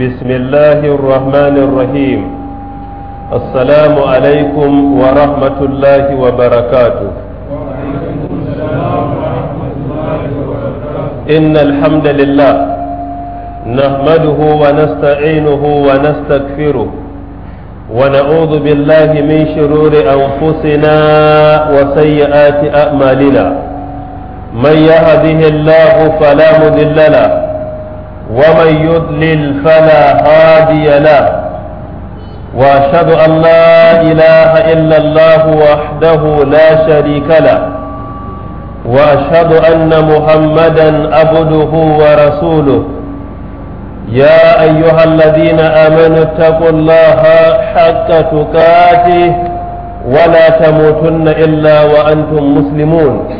بسم الله الرحمن الرحيم السلام عليكم ورحمة الله وبركاته وعليكم السلام ورحمة الله وبركاته إن الحمد لله نحمده ونستعينه ونستغفره ونعوذ بالله من شرور أنفسنا وسيئات أعمالنا من يهده الله فلا مضل له ومن يضلل فلا هادي له واشهد ان لا اله الا الله وحده لا شريك له واشهد ان محمدا عبده ورسوله يا ايها الذين امنوا اتقوا الله حق تقاته ولا تموتن الا وانتم مسلمون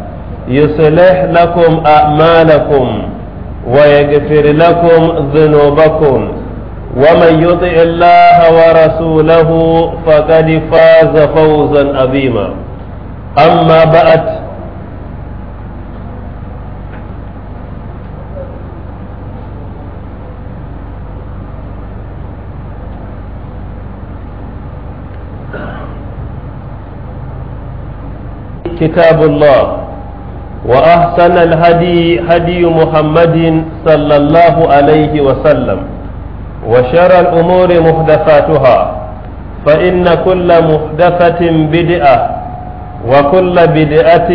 يصلح لكم أعمالكم ويغفر لكم ذنوبكم ومن يطع الله ورسوله فقد فاز فوزا عظيما أما بعد كتاب الله وأحسن الهدي هدي محمد صلى الله عليه وسلم وشر الأمور محدثاتها فإن كل محدثة بدعة وكل بدعة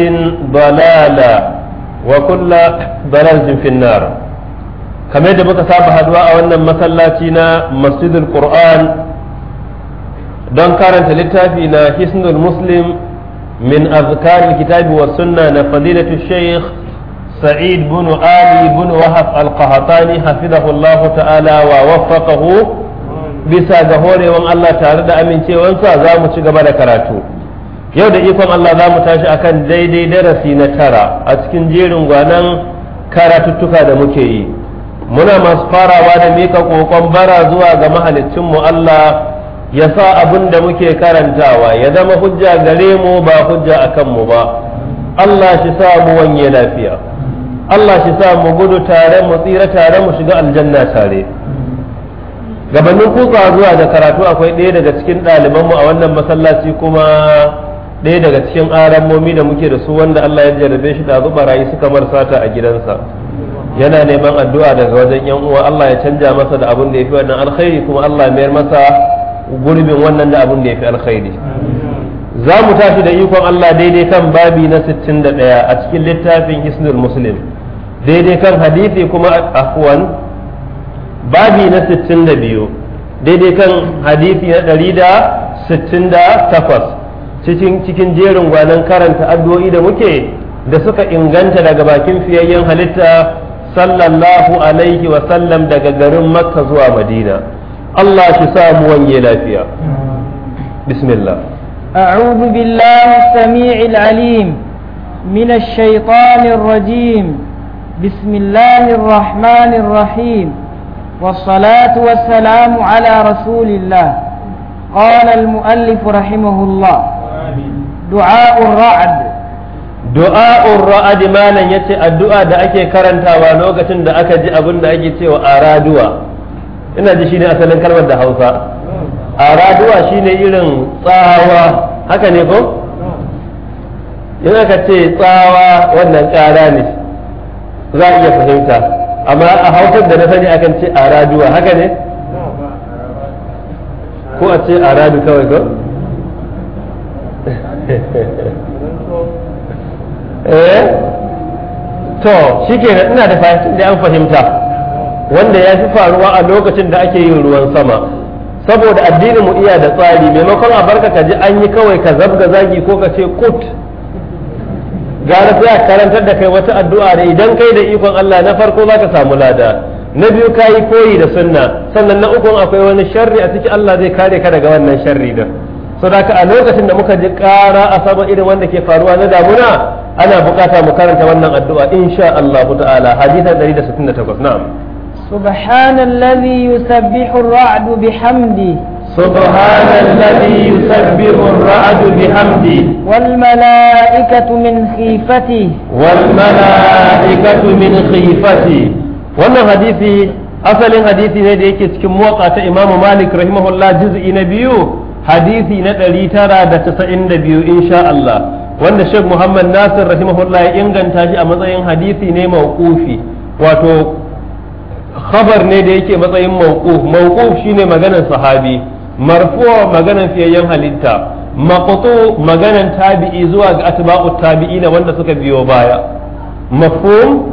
ضلالة وكل ضلالة في النار كما يجب أن تصاب هدواء وأن مسلاتنا مسجد القرآن دون كارنت للتافي حسن المسلم من أذكار الكتاب والسنة لفضيلة الشيخ سعيد بن آلي بن وهب القهطاني حفظه الله تعالى ووفقه bisa ga horewan Allah tare da amincewansa za mu ci gaba da karatu yau da ikon Allah za mu tashi akan daidai darasi na tara a cikin jerin gwanan karatuttuka da muke yi muna masu farawa da mika kokon bara zuwa ga mahalicinmu Allah ya sa abin da muke karantawa ya zama hujja gare mu ba hujja a kanmu ba Allah shi sa mu wanye lafiya Allah shi sa mu gudu tare mu tsira tare mu shiga aljanna tare gabanin kuka zuwa da karatu akwai ɗaya daga cikin ɗalibanmu a wannan masallaci kuma ɗaya daga cikin aramomi da muke da su wanda Allah ya jarabe shi da zuba barayi suka sata a gidansa yana neman addu'a daga wajen yan uwa Allah ya canja masa da abin da ya fi wannan alkhairi kuma Allah mayar masa gurbin wannan da abin da ya fi alkhairi za mu tashi da ikon Allah daidai kan babi na 61 a cikin littafin isnul muslim daidai kan hadisi kuma akwan babi na 62 daidai kan hadisi na 168 cikin cikin jerin gwanan karanta addu'o'i da muke da suka inganta daga bakin fiyayyen halitta sallallahu alaihi wa sallam daga garin makka zuwa madina Allah shi sa mu wanye lafiya bismillah أعوذ بالله السميع العليم من الشيطان الرجيم بسم الله الرحمن الرحيم والصلاة والسلام على رسول الله قال المؤلف رحمه الله دعاء الرعد du'a'ur ra'ad malan yace addu'a da ake karantawa lokacin da aka ji abin da ake cewa araduwa ina ji shine asalin kalmar da hausa a raduwa shine irin tsawa haka ne ko yana ka ce tsawa wannan kara ne za a iya fahimta amma a hausar da na sani akan ce a raduwa haka ne ko a ce a radu kawai ko eh to shi ina da fahimta da an fahimta wanda ya fi faruwa a lokacin da ake yin ruwan sama saboda addinin mu iya da tsari maimakon a barka ka ji an yi kawai ka zabga zagi ko ka ce kut gara sai a karantar da kai wata addu'a da idan kai da ikon Allah na farko za ka samu lada na biyu ka yi koyi da sunna sannan na ukun akwai wani sharri a ciki Allah zai kare ka daga wannan sharri da saboda a lokacin da muka ji kara a sama irin wanda ke faruwa na damuna ana bukata mu karanta wannan addu'a insha Allah ta'ala hadisi 168 na'am سبحان الذي يسبح الرعد بحمده سبحان الذي يسبح الرعد بحمده والملائكة من خيفته والملائكة من خيفته wannan hadisi asalin hadisi ne da yake cikin motsa ta imamu malik rahimahullah juz'i na biyu hadisi na ɗari tara da casa'in da biyu insha Allah wanda Sheikh Muhammad Nasir rahimahullah ya inganta shi a matsayin hadisi ne mawqufi wato khabar ne da yake matsayin mawquf mawquf shine maganan sahabi marfu' maganan fiyayyen halitta maqtu maganan tabi'i zuwa ga atba'u na wanda suka biyo baya mafhum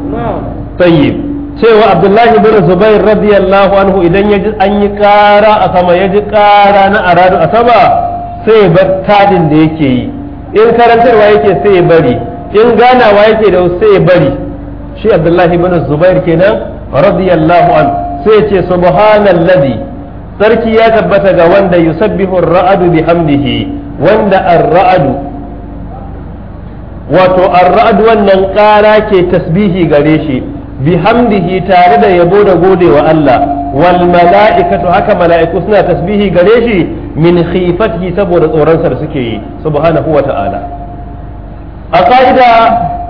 tayyib cewa abdullahi ibn zubair radiyallahu anhu idan yaji an yi kara a sama yaji kara na aradu a sama sai bar tadin da yake yi in karantarwa yake sai bari in ganawa yake da sai bari shi abdullahi ibn zubair kenan radiyallahu an sai ce ladi sarki ya tabbata ga wanda yusabbihu ar-ra'du bihamdihi wanda ar-ra'du wato ar-ra'du wannan ƙara ke tasbihi gare shi bihamdihi tare da yabo da Allah wal mala'ikatu haka mala'iku suna tasbihi gare shi min khifatihi saboda tsoron sa da suke yi subhanahu wa ta'ala a ƙa'ida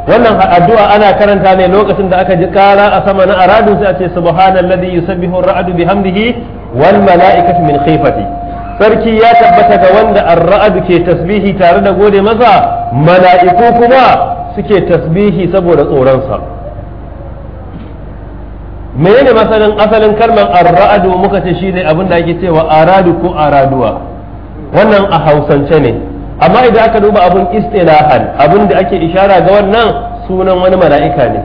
wannan addu'a ana karanta ne lokacin da aka ji kara a sama na aradu sai a ce subhanalladhi yusabbihu ar-ra'du bihamdihi wal mala'ikatu min khifati sarki ya tabbata ga wanda ar-ra'du ke tasbihi tare da gode masa mala'iku kuma suke tasbihi saboda tsoron sa menene masalin asalin kalmar ar-ra'du muka ce shine abin da ake cewa aradu ko araduwa wannan a hausance ne amma idan aka duba abun istilahan abin da ake ishara ga wannan sunan wani mala'ika ne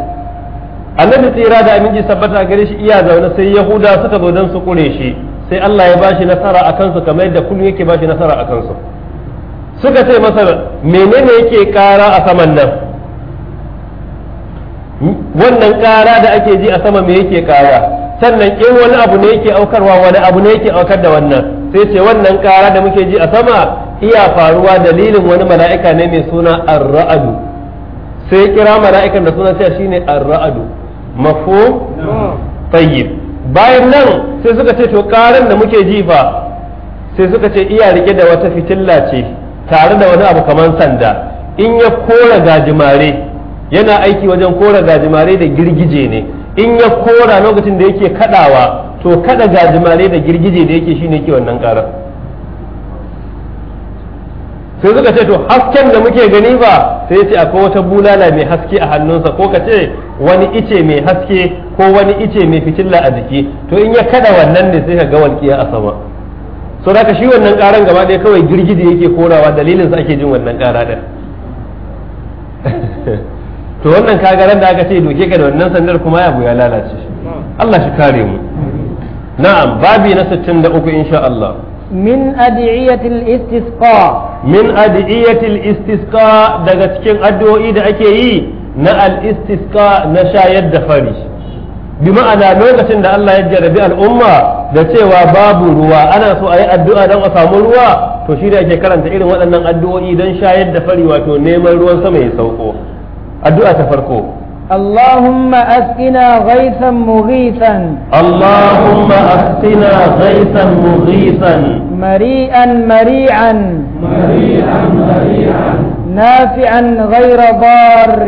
annabi tsira da aminci sabbata gare shi iya zaune sai yahuda suka zo don su kure shi sai Allah ya bashi nasara a kansu kamar yadda kullum yake bashi nasara a kansu suka ce masa menene yake kara a saman nan wannan kara da ake ji a sama me yake kara sannan in wani abu ne yake aukarwa wani abu ne yake aukar da wannan sai ce wannan kara da muke ji a sama iya faruwa dalilin wani mala'ika ne mai suna ar sai kira mala'ikan da suna cewa shine ar-ra'adu tayyib bayan nan sai suka ce to karan da muke jifa sai suka ce iya rike da wata fitilla ce tare da wani abu kamar sanda in ya kora gajimare yana aiki wajen kora gajimare da girgije ne in ya kora lokacin da yake kadawa to kada gajimare da girgije da yake shine ke wannan karar sai suka ce to hasken da muke gani ba sai ce akwai wata bulala mai haske a hannunsa ko ka ce wani ice mai haske ko wani ice mai fitilla a jiki to in ya kada wannan ne sai ka ga walƙiya a sama so da shi wannan karan gaba ɗaya kawai girgije yake korawa dalilinsa ake jin wannan ƙara ɗin to wannan ran da aka ce doke ka da wannan sandar kuma ya ya lalace Allah shi kare mu na'am babi na 63 insha Allah min adiyatil istisqa min adiyatil istisqa daga cikin addu'o'i da ake yi na al-istisqa na shayar da fari bi ma'ana lokacin da Allah ya jarabi al'umma da cewa babu ruwa ana so a yi addu'a don a samu ruwa to shi da ake karanta irin waɗannan addu'o'i don shayar da fari wato neman ruwan sama ya sauko addu'a ta farko اللهم أسقنا غيثا مغيثا اللهم أسقنا غيثا مغيثا مريئا مريعا مريئا مريعا نافعا غير ضار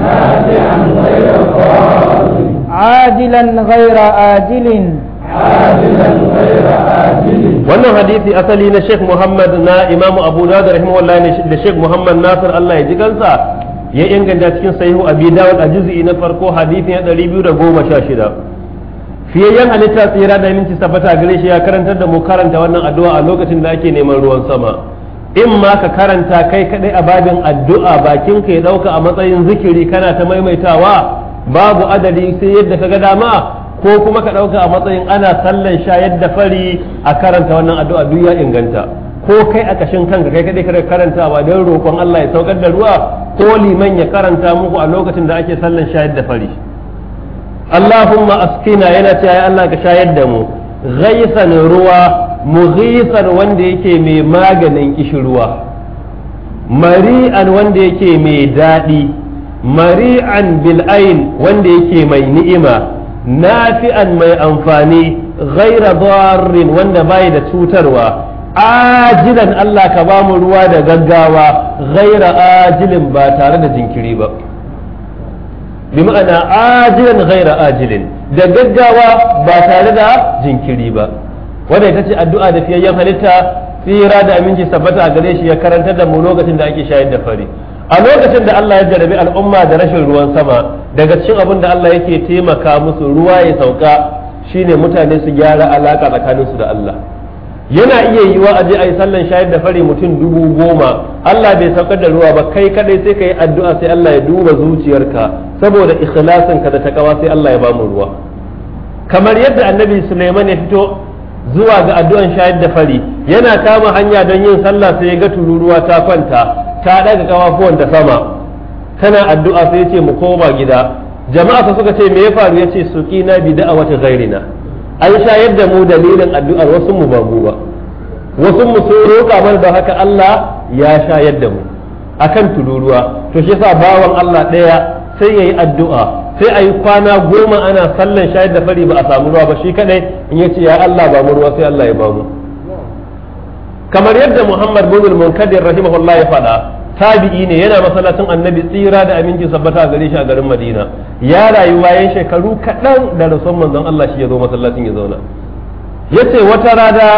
نافعا غير ضار عاجلا غير آجل عاجلا غير آجل wannan حديث asali na Sheikh Muhammad na Imam Abu Dawud rahimahullah ne da Sheikh Muhammad Nasir Allah ya ji gansa ya inganta cikin sahihu abi dawud a juz'i na farko hadisi na 216 fiyayyen halitta tsira da minti sabata gare shi ya karantar da mu karanta wannan addu'a a lokacin da ake neman ruwan sama in ma ka karanta kai kadai a babin addu'a bakin ka ya dauka a matsayin zikiri kana ta maimaitawa babu adadi sai yadda ka ga dama ko kuma ka dauka a matsayin ana sallan sha yadda fari a karanta wannan addu'a duk ya inganta ko kai a kashin kanka kai kadai karanta karantawa don roƙon Allah ya saukar da ruwa ko liman ya karanta muku a lokacin da ake sallan shayar da fari Allahumma askina yana cewa ya Allah ka shayar da mu ghaisan ruwa mughisan wanda yake mai maganin kishirwa mari'an wanda yake mai daɗi mari'an bil'ain wanda yake mai ni'ima nafi'an mai amfani ghaira darrin wanda bai da cutarwa ajilan Allah ka ba mu ruwa da gaggawa ghaira ajilin ba tare da jinkiri ba bi ma'ana ajilan ghaira ajilin da gaggawa ba tare da jinkiri ba wanda ita ce addu'a da fiyayyen halitta tsira da aminci sabbata a gare shi ya karanta da mu lokacin da ake shayar da fari a lokacin da Allah ya jarabi al'umma da rashin ruwan sama daga cikin abin da Allah yake taimaka musu ruwa ya sauka shine mutane su gyara alaka tsakaninsu da Allah yana iya yi wa aje ayi sallan shayar da fari mutum dubu goma Allah bai saukar da ruwa ba kai kadai sai ka yi addu'a sai Allah ya duba zuciyarka saboda ikhlasin ka da ta takawa sai Allah ya bamu ruwa kamar yadda annabi Sulaiman ya fito zuwa ga addu'an shayar da fari yana kama hanya don yin sallah sai ya ga tururuwa ta kwanta ta daga kafafuwan da sama tana addu'a sai ya ce mu koma gida jama'a suka ce me ya faru ya ce suqina bi da'awati ghairina an shayar da mu dalilin addu'ar wasu mu ba ba wasu mu sun roƙa mana da haka Allah ya shayar da mu akan tururuwa to shi yasa bawan Allah ɗaya sai yayi addu'a sai ayi kwana goma ana sallan shayar da fari ba a samu ruwa ba shi kadai in yace ya Allah ba mu ruwa sai Allah ya ba mu kamar yadda Muhammad bin munkadir rahimahullah ya faɗa tabi'i ne yana masallacin annabi tsira da aminci sabbata a gare shi a garin madina ya rayu bayan shekaru kaɗan da rasuwan manzon Allah shi ya zo masallacin ya zauna yace wata rada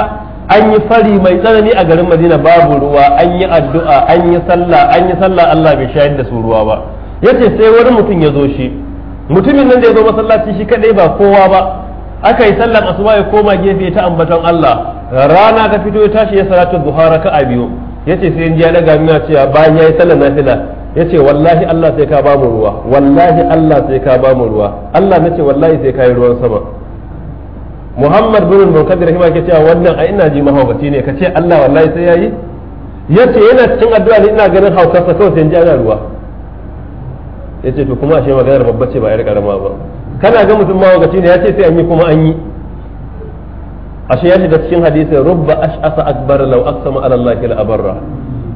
an yi fari mai tsanani a garin madina babu ruwa an yi addu'a an yi sallah an yi sallah Allah bai shayar da su ruwa ba yace sai wani mutum ya zo shi mutumin nan da ya zo masallaci shi kaɗai ba kowa ba aka yi sallan asuba ya koma gefe ta ambaton Allah rana ta fito ya tashi ya salatu duha raka'a biyu ce sai ya daga mina cewa bayan na sallar nafila ce wallahi Allah sai ka ba mu ruwa wallahi Allah sai ka ba mu ruwa Allah ce wallahi sai yi ruwan sama Muhammad bin Munkadir rahima ke cewa wannan a ina ji mahaukaci ne ka ce Allah wallahi sai yayi ce yana cikin addu'a ne ina ganin haukarsa kawai sai in yana ruwa. Ya ce to kuma ashe maganar babba ce ba yar karama ba kana ga mutum mahaukaci ne ya ce sai an yi kuma an yi ashe ya shiga cikin hadisi rubba ash'asa akbar law aqsama ala allahi la abarra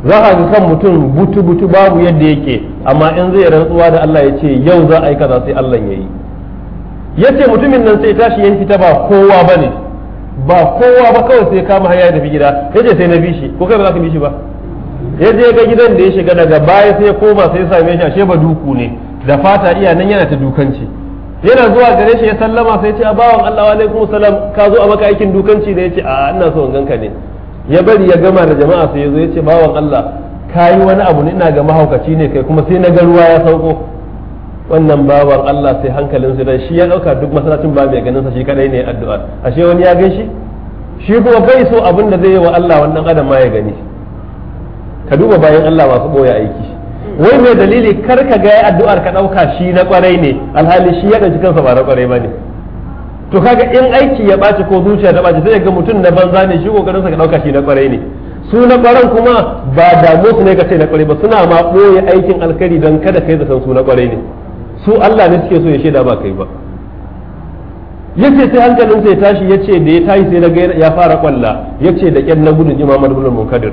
za a ga kan mutum butu butu babu yadda yake amma in zai rantsuwa da Allah ya ce yau za a yi kaza sai Allah ya yi yace mutumin nan sai tashi ya fita ba kowa bane ba kowa ba kawai sai kama haya da gida yace sai na bi shi ko kai ba za ka bi shi ba ya ga gidan da ya shiga daga baya sai koma sai ya same shi ashe ba duku ne da fata iya nan yana ta dukanci yana zuwa gare shi ya sallama sai ce a bawan Allah wa alaikum salam ka zo a maka aikin dukanci da yace a ina so in ganka ne ya bari ya gama da jama'a sai ya yace bawan Allah kayi wani abu ne ina ga mahaukaci ne kai kuma sai na ga ruwa ya sauko wannan bawan Allah sai hankalin su shi ya dauka duk masallacin ba mai ganin sa shi kadai ne addu'a ashe wani ya gaishe shi kuma bai so abin da zai yi wa Allah wannan adam ma ya gani ka duba bayan Allah masu boye aiki wai mai dalili kar ka ga addu'ar ka ɗauka shi na kwarai ne alhali shi ya ɗauki kansa ba na kwarai ba to kaga in aiki ya ɓaci ko zuciya ta ɓaci sai ga mutum na banza ne shi kokarin sa ka ɗauka shi na kwarai ne su na kwaran kuma ba da su ne ka ce na kwarai ba suna ma boye aikin alkhairi don kada kai san su na kwarai ne su Allah ne suke so ya sheda ba kai ba yace sai hankalin sai tashi yace da ya tashi sai daga ya fara kwalla yace da kyan na gudun imamul Abdul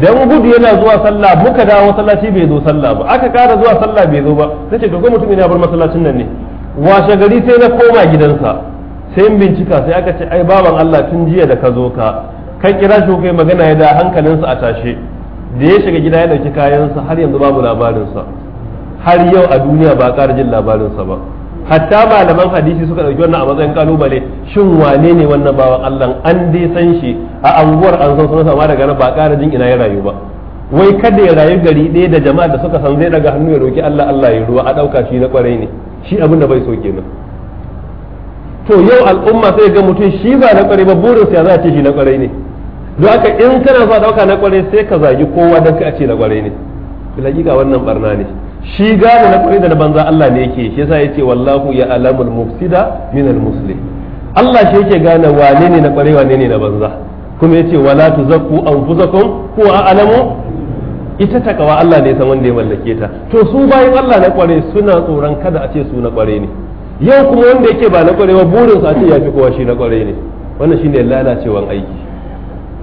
dan gudu yana zuwa sallah muka dawo masallaci bai zo sallah ba aka kara zuwa sallah bai zo ba nace to ga mutum ya bar masallacin nan ne washe gari sai na koma gidansa sai bincika sai aka ce ai baban Allah tun jiya da ka zo ka kan kira shi kai magana ya da hankalinsa a tashe da ya shiga gida ya dauki kayansa har yanzu babu labarin sa har yau a duniya ba ƙara jin labarinsa ba hatta malaman hadisi suka dauki wannan a matsayin kalubale shin wane ne wannan bawan Allah an dai san shi a anguwar an san sunan sama daga nan ba ƙara jin ina ya rayu ba wai kada ya rayu gari ɗaya da jama'a da suka san zai daga hannu ya roki Allah Allah ya ruwa a dauka shi na kwarai ne shi abin da bai so kenan to yau al'umma sai ga mutum shi ba na kwarai ba burinsa ya za a ce shi na kwarai ne don haka in kana a ɗauka na kwarai sai ka zagi kowa don ka a ce na kwarai ne bilhaqiqa wannan barna ne shi gane na da na banza Allah ne yake shi yasa yace wallahu ya alamul mufsida min al muslim Allah shi yake gane wane ne na kwarewa wane ne na banza kuma yace wala tuzakku anfusakum a a'lamu ita takawa Allah ne san wanda ya mallake ta to su bayan Allah na kware suna tsoron kada a ce su na kware ne yau kuma wanda yake ba na kwarewa burinsa a ce ya fi kowa shi na kware ne wannan shine lalacewan aiki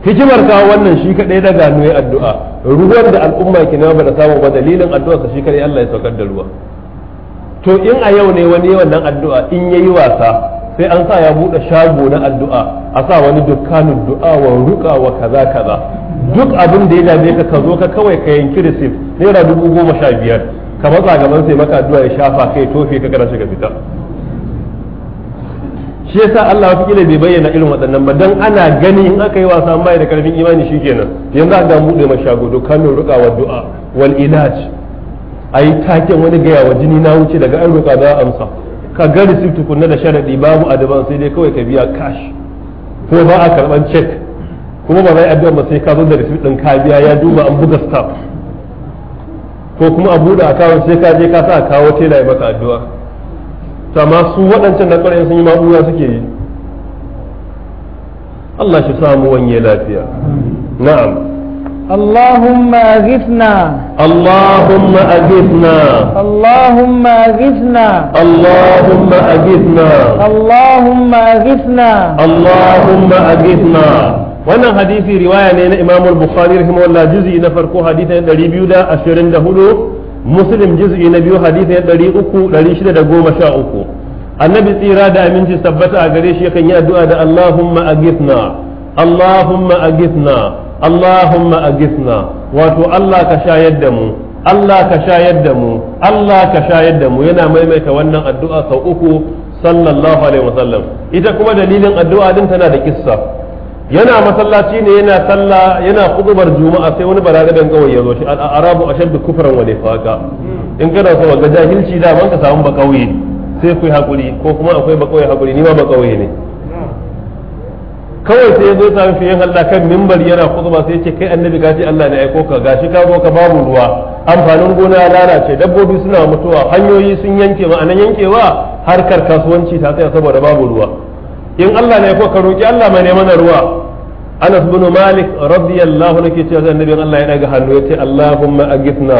hikimar kawo wannan shi kadai da gano ya addu'a ruwan da al'umma ke nema bada samu ba dalilin addu'a sa shi kadai Allah ya saukar da ruwa to in a yau ne wani yawan nan addu'a in yayi wasa sai an sa ya bude shago na addu'a a sa wani dukkanin du'a wa ruka wa kaza kaza duk abin da ya dame ka ka zo ka kawai ka yanki receipt naira dubu goma sha biyar ka matsa gaban sai maka addu'a ya shafa kai tofe ka gara shiga fita shi yasa Allah wata kila bai bayyana irin waɗannan ba dan ana gani in aka yi wasa mai da karfin imani shikenan yanzu an ga buɗe mashagodo kamin ruka wa du'a wal ilaj ayi taken wani gaya wa jini na wuce daga an ruka za a amsa ka ga receipt tukuna da sharadi babu adaban sai dai kawai ka biya cash ko ba a karban check kuma ba zai addu'a ba sai ka zo da receipt din ka biya ya duba an buga staff ko kuma a buɗe akawun sai ka je ka sa kawo tela ya maka addu'a sama su waɗancan na ƙwarai sun yi maɓuya suke yi Allah shi samu wanye lafiya na'am اللهم أغثنا اللهم أغثنا اللهم أغثنا اللهم أغثنا اللهم أغثنا اللهم أغثنا wannan hadisi riwaya ne na Imam Bukhari rahimahullah juz'i na farko hadisin hudu. muslim juz'i na biyu hadisi na ɗari uku ɗari shida da goma sha uku annabi tsira da aminci tabbata a gare shi yakan yi addu'a da allahumma agithna allahumma agithna allahumma agithna wato allah ka shayar da mu allah ka shayar da mu allah ka shayar da mu yana maimaita wannan addu'a sau uku sallallahu alaihi wasallam ita kuma dalilin addu'a ɗin tana da kissa yana masallaci ne yana sallah yana kudubar juma'a sai wani baragadan gawai ya zo shi al'arabu ashaddu kufran wa nifaqa in kana so ga jahilci da ban samu ba kauye sai kai hakuri ko kuma akwai ba kauye hakuri ni ma ba kauye ne kawai sai yazo sami fiye Allah kan mimbar yana kuduba sai yace kai annabi gashi Allah ne aiko ka gashi ka zo ka babu ruwa amfanin gona ya lalace dabbobi suna mutuwa hanyoyi sun yanke ma'anan yankewa harkar kasuwanci ta tsaya saboda babu ruwa in Allah ne ko ka roki Allah mai neman ruwa anas bin malik radiyallahu anhu ke cewa annabi Allah ya daga hannu yace allahumma agithna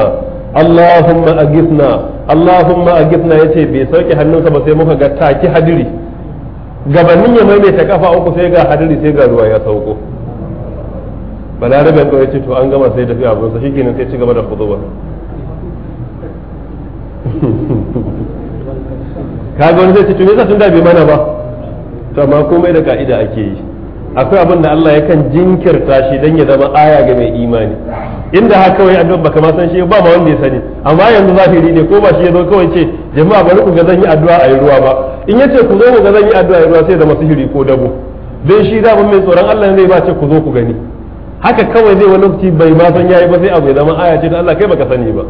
allahumma agithna allahumma agithna yace bai sauke hannunsa ba sai muka ga taki hadiri gabanin ya ta kafa uku sai ga hadiri sai ga ruwa ya sauko balarabe ko yace to an gama sai tafi abun sa shikenan sai ci gaba da khutuba kaga wani zai ce to me yasa tun da bai mana ba to amma komai da ka'ida ake yi akwai abin da Allah yakan jinkirta shi don ya zama aya ga mai imani inda haka kawai addu'a baka ma san shi ba ma wanda ya sani amma yanzu zahiri ne ko ba shi ya zo kawai ce jama'a bari ku ga zan yi addu'a a yi ruwa ba in yace ku zo ku ga zan yi addu'a a yi ruwa sai zama sihiri ko dabo dan shi da mai tsoron Allah zai ba ce ku zo ku gani haka kawai zai wani lokaci bai ma san yayi ba sai abu ya zama aya ce da Allah kai baka sani ba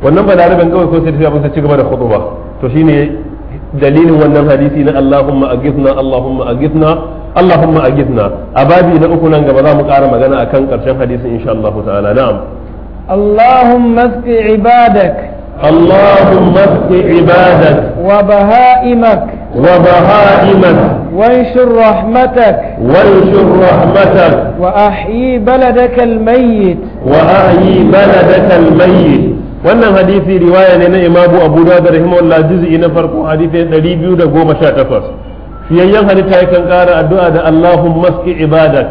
wannan ba da kawai ko sai ta ci gaba da khutuba to shine dalilin wannan hadisi na Allahumma agithna Allahumma agithna Allahumma agithna a babi na uku nan gaba za mu ƙara magana akan ƙarshen hadisin insha Allah ta'ala na'am Allahumma asqi اللهم اسق عبادك اللهم wa عبادك وبهائمك وبهائمك وانشر رحمتك وانشر رحمتك وأحيي بلدك الميت وأحيي بلدك الميت wannan hadisi riwaya ne na imamu abu da rahimahullah juz'i na farko hadisi 218 fiyayyen halitta yakan kara addu'a da Allahumma maski ibadak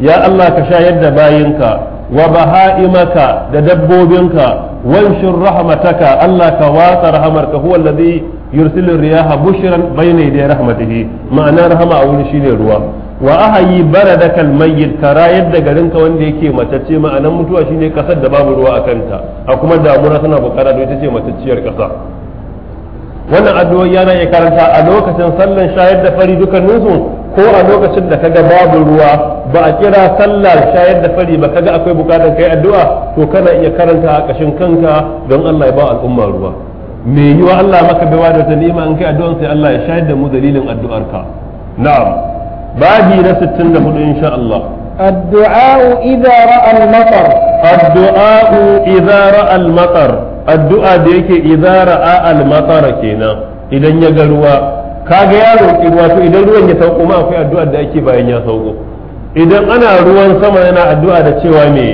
ya Allah ka shayar da bayinka wa baha'imaka da dabbobinka wanshur rahmataka Allah ka watsa rahamarka huwa alladhi yursilu riyaha bushran bayna yaday rahmatihi ma'ana rahama a wuri shine ruwa wa ahayi baradaka almayyit kara yadda garin ka wanda yake matacce ma'anan mutuwa shine kasar da babu ruwa a kanta a kuma damuna tana bukara don ita ce matacciyar kasa wannan addu'o'i yana iya karanta a lokacin sallan shayar da fari dukkaninsu ko a lokacin da kaga babu ruwa ba a kira sallar shayar da fari ba kaga akwai bukatar kai addu'a to kana iya karanta a kashin kanka don Allah ya ba al'umma ruwa me yiwa Allah maka bai da ta ni'ima in kai addu'an sai Allah ya shayar da mu dalilin addu'arka na'am babi na 64 insha Allah addu'a idza al-matar addu'a idza al-matar addu'a da yake idza ra'a al-matar kenan idan ya ga ruwa kaga ya roki ruwa idan ruwan ya sauko ma akwai addu'a da ake bayan ya sauko idan ana ruwan sama yana addu'a da cewa me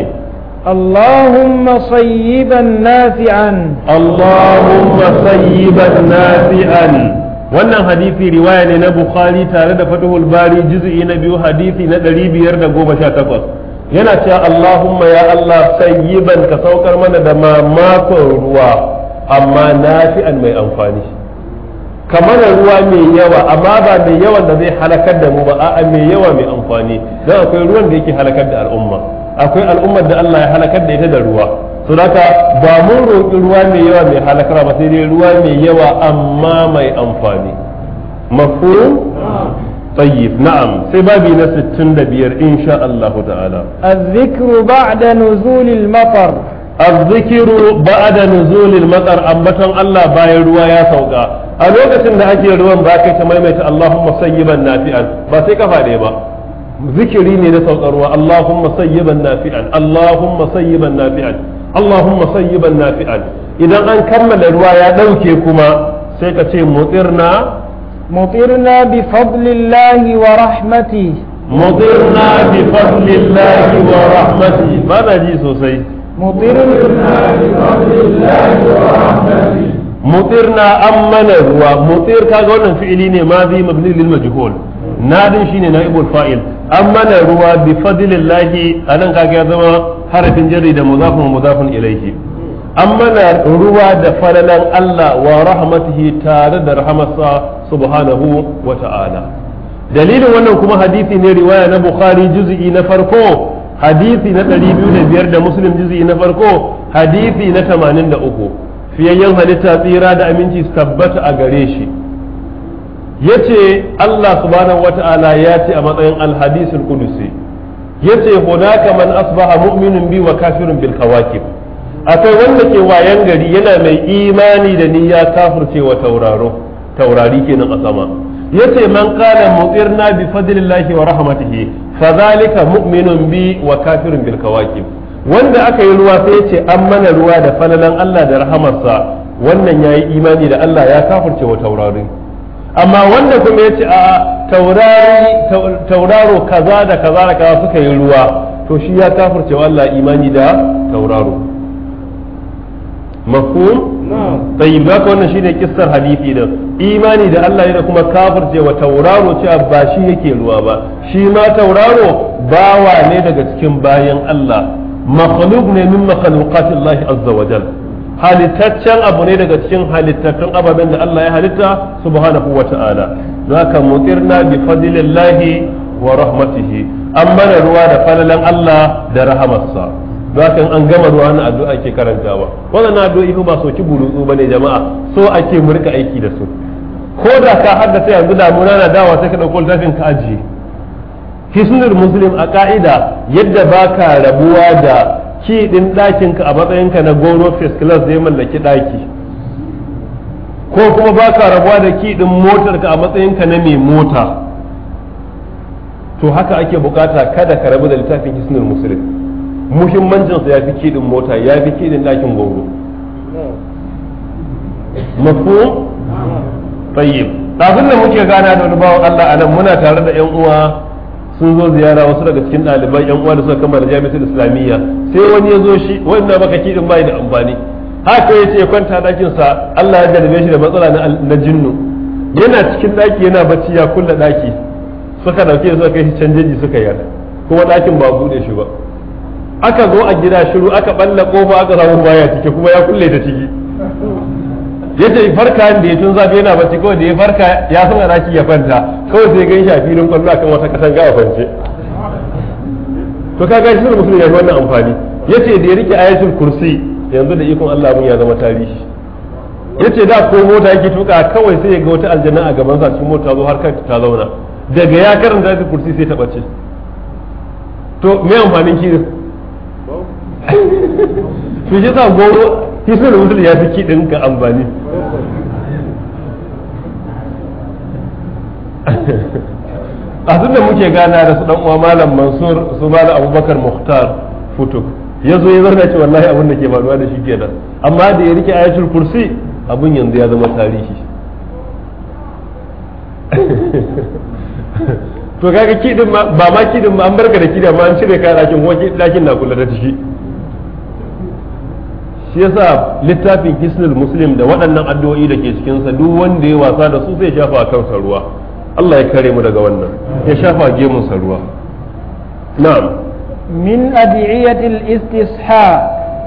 اللهم صيبا نافعا اللهم صيبا نافعا wannan hadisi riwaya ne na bukhari tare da fatuhul bari juz'i na biyu hadisi na 518 yana cewa allahumma ya allah sayyiban ka saukar mana da mamakon ruwa amma nafi'an mai amfani kamar ruwa mai yawa amma ba mai yawan da zai halakar da mu ba a'a mai yawa mai amfani don akwai ruwan da yake halakar da al'umma akwai al'ummar da allah ya halakar da ita da ruwa sunaka ba mun roƙi ruwa mai yawa mai halakar ba sai dai ruwa mai yawa amma mai amfani mafuru tayyib na'am sai babi na 65 insha Allah ta'ala azzikru ba'da nuzulil matar azzikru ba'da nuzulil matar ambaton Allah bayan ruwa ya sauƙa a lokacin da ake ruwan ba kai ta maimaita Allahumma sayyiban nafi'an ba sai kafa ne ba zikiri ne na sauƙar ruwa Allahumma sayyiban nafi'an Allahumma Allahumma sayyiban nafi'an idan an kammala ruwa ya dauke kuma sai ka ce mutirna mutirna bi fadlillahi wa rahmati mutirna bi fadlillahi wa rahmati ba na ji sosai mutirna bi fadlillahi wa rahmati mutirna an mana ruwa mutir kaga wannan fi'ili ne ma na din shine naibul fa'il amma na ruwa bi fadlillahi anan kaga ya zama harafin jarri da mudafun mudafun ilayhi amma na ruwa da falalan Allah wa rahmatihi tare da rahmatsa subhanahu wa ta'ala dalilin wannan kuma hadisi ne riwaya na bukhari juz'i na farko hadisi na 205 da muslim juz'i na farko hadisi na 83 fiyayyen halitta tsira da aminci tabbata a gare shi yace Allah subhanahu wata'ala ya ce a matsayin alhadisul qudusi yace hunaka man asbaha mu'minun bi wa kafirun bil kawakib akwai wanda ke wayan gari yana mai imani da niyya kafirce wa tauraro taurari kenan a sama yace man qala mu'irna bi fadlillahi wa rahmatihi fadhalika mu'minun bi wa kafirun bil kawakib wanda aka yi ruwa sai yace an mana ruwa da falalan Allah da rahamarsa wannan yayi imani da Allah ya kafirce wa taurari amma wanda kuma ya ce a tauraro kaza da kaza da kaza suka yi ruwa to shi ya kafirce wa Allah imani da tauraro mafhum tayyib ka wannan shine kissar hadisi din imani da Allah yana kuma kafirce wa tauraro cewa ba shi yake ruwa ba shi ma tauraro bawa ne daga cikin bayan Allah makhluq ne min makhluqatillahi azza wajalla halittaccen abu ne daga cikin halittattun ababen da Allah ya halitta subhanahu wa ta'ala zaka mutirna bi fadlillahi wa rahmatihi an mana ruwa da falalan Allah da rahamarsa zaka an gama ruwa na addu'a ke karantawa wannan addu'o'i ba ki burutsu bane jama'a so ake murka aiki da su ko da ka haddace yanzu damuna na dawa sai ka dauko littafin ka ajiye hisnul muslim a ka'ida yadda baka rabuwa da ki din ɗakinka a matsayinka na goro first class zai mallaki ɗaki ko kuma ba ka rabuwa da ki din motarka a matsayinka na mai mota to haka ake bukata kada ka rabu da littafin hisnul musulun muhimmancinsa ya fi ki mota ya fi ki ɗakin goro mafhum tayyib ɗafin da muke gana da wani bawan Allah a nan muna tare da yan uwa sun zo ziyara wasu daga cikin ɗaliban yan uwa da suka kammala jami'atul islamiyya sai wani ya zo shi wannan baka kidin bai da amfani haka ya ce kwanta dakin sa Allah ya jarabe shi da matsala na jinnu yana cikin ɗaki yana bacci ya kulla daki suka dauke suka kai shi canjeji suka yada kuma dakin ba bude shi ba aka zo a gida shiru aka balla kofa aka samu baya cike kuma ya kulle ta ciki yace farka da ya tun zafi yana bacci kawai da ya farka ya san ana ya kwanta kawai sai gan shafi a filin kwallo akan wata kasan gawa kwance to ka ga shi musulmi ya yi wannan amfani yace da ya rike ayatul kursi yanzu da ikon Allah mun ya zama tarihi yace da ko mota yake tuka kawai sai ya ga wata aljanna a gaban sa cikin mota zo har kan ta zauna daga ya karanta ayatul kursi sai ta bace to me amfanin kirin su shi sa goro fi hisnul wusul ya fi ki ɗin ka amfani a sun da muke gana da su ɗan uwa malam mansur su malam abubakar muhtar futuk ya zo ya zarga ce wallahi abin da ke faruwa da shi ke da amma da ya rike ayatul kursi abin yanzu ya zama tarihi to kaga kidin ba ma kidin ma an barka da kidin ma an cire ka dakin kuma dakin na kula da shi shi yasa littafin hisnul muslim da waɗannan addu'o'i da ke cikin sa duk wanda ya wasa da su zai shafa sa ruwa Allah ya kare mu daga wannan ya shafa gemun sa ruwa na'am min adiyatil istisha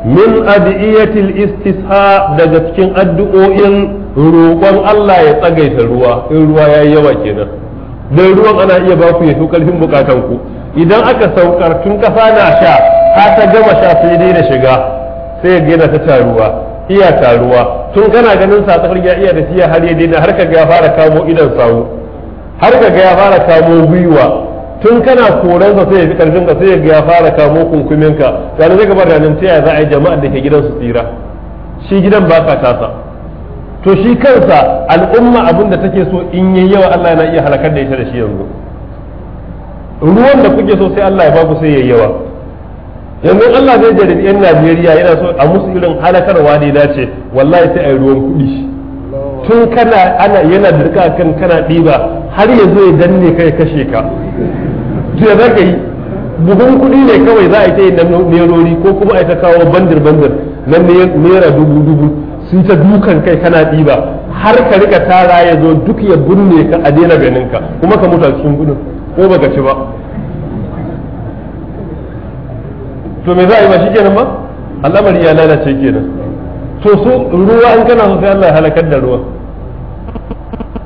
min adiyatil istisha daga cikin addu'o'in roƙon Allah ya tsagaita ruwa in ruwa yayi yawa kenan dan ruwan ana iya ba ku ya fi karfin bukatanku idan aka saukar tun kasa na sha ka ta gama sha sai dai da shiga sai ga yana ta taruwa iya taruwa tun kana ganin sa ya iya da shi har ya daina har kaga ya fara kamo idan sawu har kaga ga ya fara kamo gwiwa tun kana koran sa sai ya fi karfin ka sai ya ya fara kamo kunkumin ka sai zai gabar da nan ta za a yi jama'a da ke gidan su tsira shi gidan ba ka tasa to shi kansa al'umma abin da take so in yi yawa Allah yana iya halakar da ita da shi yanzu ruwan da kuke so sai Allah ya ba sai yayi yawa yanzu Allah zai jarin yan Najeriya yana so a musu irin halakarwa ne ce, wallahi sai a yi ruwan kuɗi tun kana ana yana dirka kan kana ɗiba har ya zo ya danne kai kashe ka to ya zaka yi buhun kuɗi ne kawai za a yi ta yin nerori ko kuma a yi ta kawo bandir bandir na naira dubu dubu sun ta dukan kai kana ɗiba har ka rika tara ya zo duk ya binne ka a daina ganin ka kuma ka mutu a cikin gudun ko baka ci ba to me za a yi ba shi kenan ba al'amari ya lalace kenan to su ruwa an kana so sai Allah ya halakar da ruwa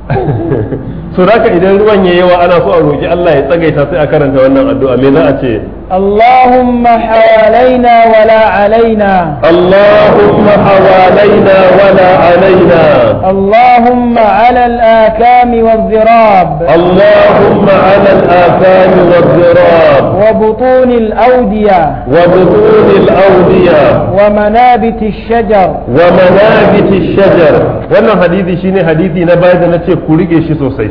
so raka idan ruwan ya yawa ana so a roki Allah ya tsagaita sai a karanta wannan addu'a me za a ce Allahumma hawalaina wala alaina Allahumma hawalaina wala alaina اللهم على الآكام والذراب اللهم على الآكام والذراب وبطون الأودية وبطون الأودية ومنابت الشجر ومنابت الشجر wannan hadisi shine hadisi na baya da na ce ku rike shi sosai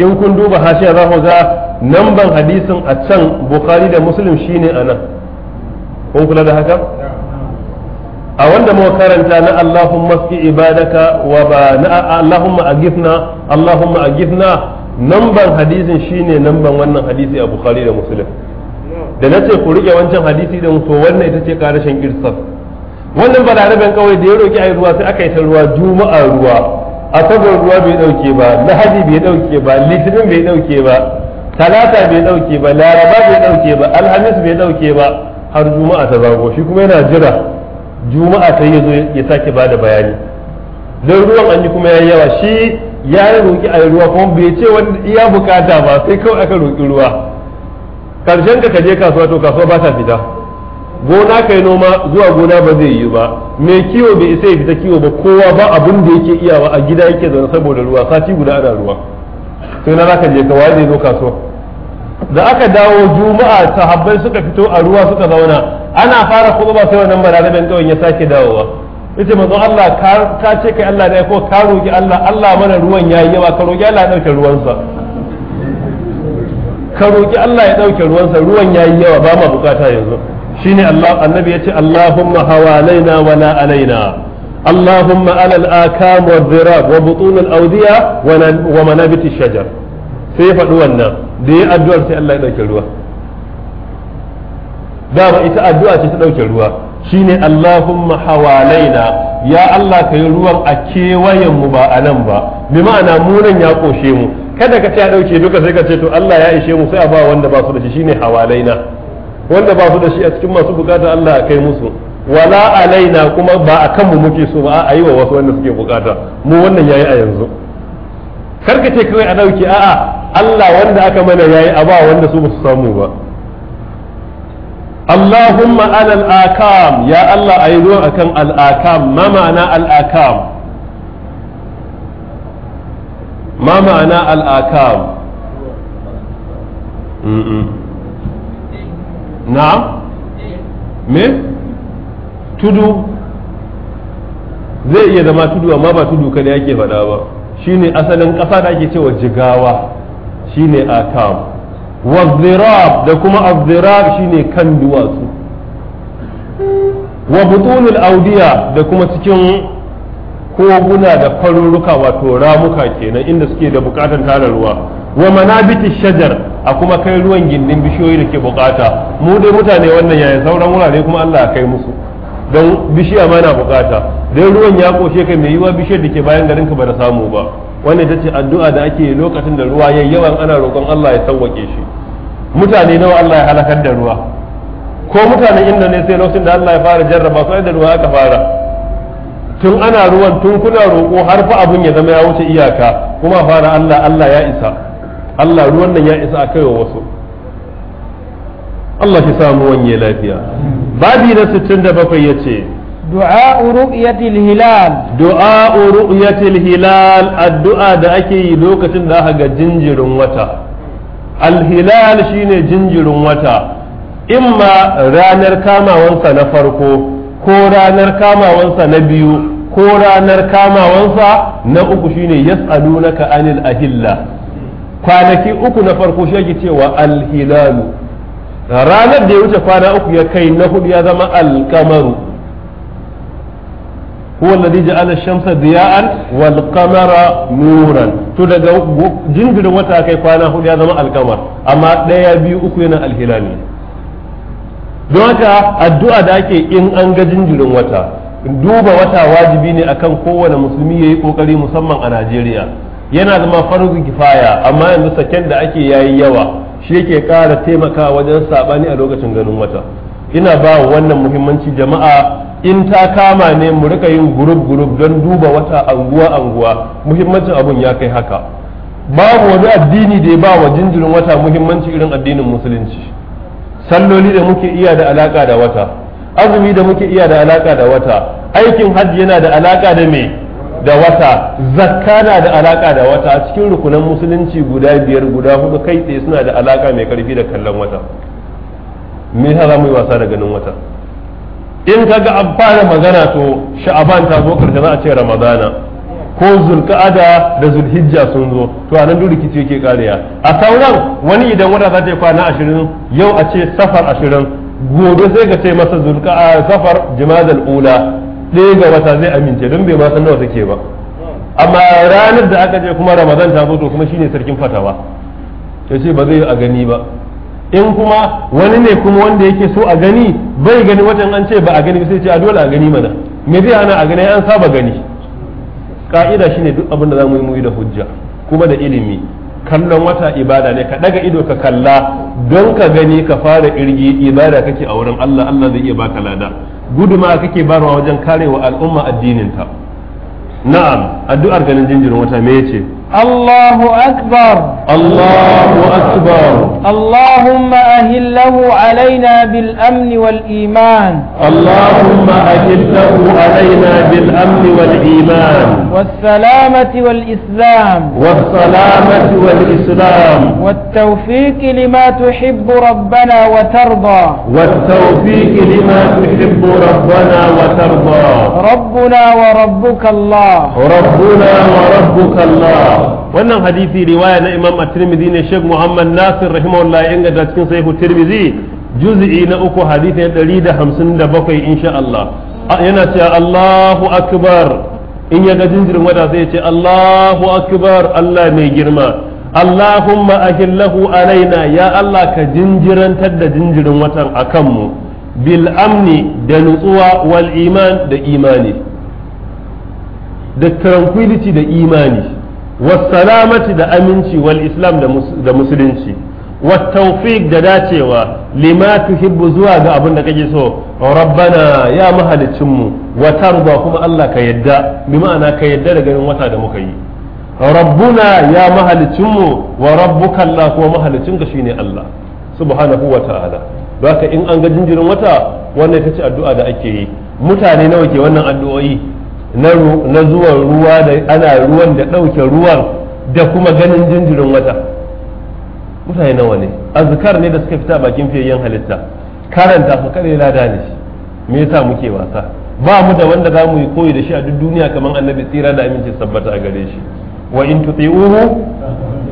in kun duba hashiya za ku ga namban hadisin a can bukhari da muslim shine anan kun kula da haka a wanda muka karanta na Allahumma fi ibadaka wa ba na Allahumma agifna Allahumma agifna namban hadisin shine namban wannan hadisi a Bukhari da Muslim da nace ku rike wancan hadisi din to wannan ita ce karashin girsaf wannan balaraben kawai da ya roki ayi ruwa sai aka yi ta ruwa juma'a ruwa asabar ruwa bai dauke ba lahadi bai dauke ba litinin bai dauke ba talata bai dauke ba laraba bai dauke ba alhamis bai dauke ba har juma'a ta zago shi kuma yana jira juma'a sai ya zo ya sake da bayani don ruwan an yi kuma ya yawa shi ya yi roƙi a ruwa kuma bai ce wanda iya bukata ba sai kawai aka roƙi ruwa karshen ka kaje kasuwa to kasuwa ba ta fita gona kai noma zuwa gona ba zai yi ba me kiwo bai isa ya fita kiwo ba kowa ba abin da yake iyawa a gida yake zaune saboda ruwa sati guda ana ruwa sai na za ka je ka waye zo kasuwa da aka dawo juma'a sahabbai suka fito a ruwa suka zauna ana fara kuma ba sai wannan balarabin kawai ya sake dawowa yace manzo Allah ka ce kai Allah ne ko ka roki Allah Allah mana ruwan yayi yawa ka roki Allah ya dauke ruwansa ka roki Allah ya dauke ruwansa ruwan yayi yawa ba ma bukata yanzu shine Allah annabi yace Allahumma hawalaina wala alaina اللهم على الآكام والذراب وبطون الأودية ومنابت الشجر سيف الونا da ya addu'ar sai Allah ya dauke ruwa dama ita addu'a ce ta dauke ruwa shine Allahumma hawalaina ya Allah kai ruwan a kewayen mu ba a nan ba bi ma'ana mu nan ya koshe mu kada ka ce dauke duka sai ka ce to Allah ya ishe mu sai a ba wanda ba su da shi shine hawalaina wanda ba su da shi a cikin masu bukata Allah ya kai musu wala alaina kuma ba a kanmu muke so ba a yi wa wasu wanda suke bukata mu wannan yayi a yanzu karkace ce kawai a dauke a'a Allah wanda aka mana yayi a ba wanda su ba su samu ba Allahumma alal akam ya Allah ayi ruwan akan al'akam akam ma ma'ana al akam ma ma'ana al akam me tudu zai iya zama tudu amma ba tudu kada yake faɗa ba shine asalin ƙasa da ake cewa jigawa shine akam wa da kuma azzirab shine kan duwatsu wa butunul audiya da kuma cikin koguna da farurruka wato ramuka kenan inda suke da bukatan tara ruwa wa manabiti shajar a kuma kai ruwan gindin bishiyoyi da ke bukata mu dai mutane wannan yaya sauran wurare kuma Allah a kai musu don bishiya ma na bukata dai ruwan ya koshe kai mai yiwa bishiyar da ke bayan garin ka ba ta samu ba wanda ita ce addu'a da ake yi lokacin da ruwa yayi yawan ana roƙon Allah ya sauwake shi mutane nawa Allah ya halakar da ruwa ko mutanen inda ne sai lokacin da Allah ya fara jarraba su da ruwa aka fara tun ana ruwan tun kuna roƙo har fa abun ya zama ya wuce iyaka kuma fara Allah Allah ya isa Allah ruwan nan ya isa a kai wa wasu Allah ki samu wanye lafiya babi na 67 yace du'a ru'yatil hilal du'a ru'yatil hilal addu'a da ake yi lokacin da ga jinjirin wata alhilal shine jinjirin wata imma ranar kamawansa na farko ko ranar kamawansa na biyu ko ranar kamawansa na uku shine yas'alunaka anil ahilla kwanaki uku na farko shi yake cewa alhilalu ranar da ya wuce kwana uku ya kai na hudu ya zama alkamaru huwa alladhi ja'ala ash-shamsa diya'an wal nuran to daga jingirin wata kai kwana hudu ya zama alkamar amma daya biyu uku yana alhilali don haka addu'a da ake in an ga jinjirin wata duba wata wajibi ne akan kowane musulmi yayi kokari musamman a Najeriya yana zama farzu kifaya amma yanzu saken da ake yayi yawa shi yake ƙara taimaka wajen saɓani a lokacin ganin wata ina ba wannan muhimmanci jama'a in ta kama ne mu rika yin gurub gurub don duba wata anguwa anguwa muhimmancin abun ya kai haka babu wani addini da ya ba wa jinjirin wata muhimmanci irin addinin musulunci salloli da muke iya da alaka da wata azumi da muke iya da alaka da wata aikin hajji yana da alaka da me da wata zakka na da alaka da wata cikin rukunan musulunci guda biyar guda hudu kai tsaye suna da alaka mai karfi da kallon wata me yasa za mu yi wasa da ganin wata in ka ga an fara magana to sha'aban ta zo karshe za a ce ramadana ko zulka'ada da zulhijja sun zo to a nan duk rikici yake kariya a sauran wani idan wata za ta yi kwana ashirin yau a ce safar ashirin gobe sai ka ce masa zulka'a safar jima'a ula ɗaya ga wata zai amince don bai ma san nawa take ba amma ranar da aka je kuma ramadan ta zo to kuma shine sarkin fatawa ya ce ba zai a gani ba in kuma wani ne kuma wanda yake so a gani bai gani wajen an ce ba a gani sai ce a dole a gani mana me zai ana a gani an saba gani ka'ida shine duk abin da za mu yi muyi da hujja kuma da ilimi kallon wata ibada ne ka daga ido ka kalla don ka gani ka fara irgi ibada kake a wurin Allah Allah zai iya baka lada guduma kake barwa wajen karewa al'umma addinin ta na'am addu'ar ganin jinjirin wata me yace ce الله أكبر الله أكبر اللهم أهله علينا بالأمن والإيمان اللهم أهله علينا بالأمن والإيمان والسلامة والإسلام والسلامة والإسلام والتوفيق لما تحب ربنا وترضى والتوفيق لما تحب ربنا وترضى ربنا وربك الله ربنا وربك الله wannan hadisi riwaya na imam at-tirmidhi ne sheikh muhammad nasir rahimahullah ya inganta cikin sahihu tirmidhi juz'i na uku hadisi 157 insha Allah yana cewa Allahu akbar in ya ga jinjirin wata zai ce Allahu akbar Allah mai girma Allahumma ahillahu alaina ya Allah ka jinjirantar da jinjirin watan a kanmu bil amni da nutsuwa wal iman da imani da tranquility da imani was salamati da aminci wal islam da musulunci والتوفيق دداتيوا لما hibbu zuwa ga abin da kake so rabbana ya mahalicin mu wa tarda kuma Allah ka yadda bi ma'ana ka yadda da ganin wata da muka yi rabbuna ya mahalicin mu wa rabbuka Allah kuma mahalicin ka ne Allah subhanahu wa ta'ala baka in an ga jinjirin wata wannan ita addu'a da ake yi mutane nawa ke wannan addu'o'i na zuwan ruwa da ana ruwan da ɗauke ruwan da kuma ganin jinjirin wata mutane nawa ne azkar ne da suka fita bakin fiyayyen halitta karanta su kare lada ne shi me yasa muke wasa ba mu da wanda za mu yi koyi da shi a duk duniya kamar annabi tsira da aminci sabbata a gare shi wa in tuti'uhu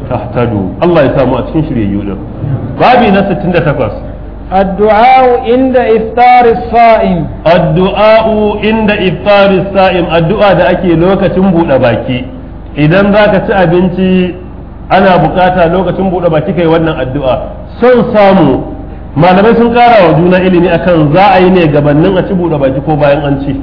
tahtadu Allah ya samu a cikin shiryayyu din babi na 68 addu'a inda iftar saim addu'a inda iftar saim addu'a da ake lokacin bude baki idan zaka ci abinci ana bukata lokacin buɗe baki kai wannan addu'a son samu malamai sun kara wa juna ilimi akan za a yi ne gabannin a ci buɗe baki ko bayan an ci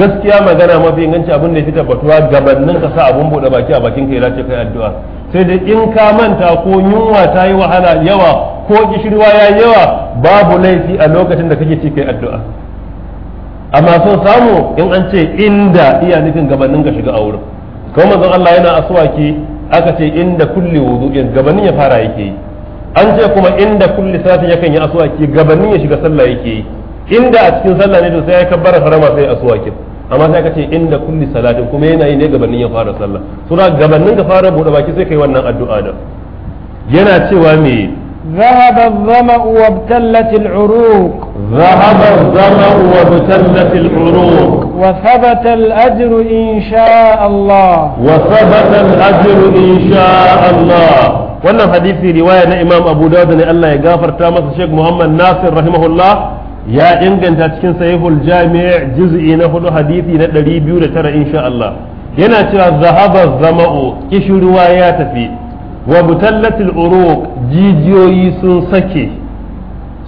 gaskiya magana mafi inganci abin da ya fi tabbatuwa gabannin ka sa abun buɗe baki a bakin kai lace kai addu'a sai dai in ka manta ko yunwa ta yi wahala yawa ko kishirwa ya yi yawa babu laifi a lokacin da kake ci kai addu'a amma son samu in an ce inda iya nufin gabanin ka shiga a wurin kuma manzon Allah yana asuwaki. aka ce inda kulli wudu'in gabanin ya fara yake yi an ce kuma inda kulli salatin yakan yi aswaki gabanin ya shiga sallah yake yi inda a cikin sallah ne to sai ya kabbara harama sai aswaki amma sai aka ce inda kulli salatin kuma yana yi ne gabanin ya fara sallah suna gabanin ka fara bude baki sai kai wannan addu'a da yana cewa me ذهب الظمأ وابتلت العروق ذهب الزمن وابتلت العروق وثبت الأجر إن شاء الله وثبت الأجر إن شاء الله wannan hadisi riwaya na imam abu dawud ne Allah ya gafarta masa shek muhammad nasir rahimahullah ya inganta cikin sahihul jami' juz'i na hudu hadisi na 209 insha Allah yana cewa zahaba zama'u kishruwa ya tafi wa butallatil uruq jijiyoyi sun sake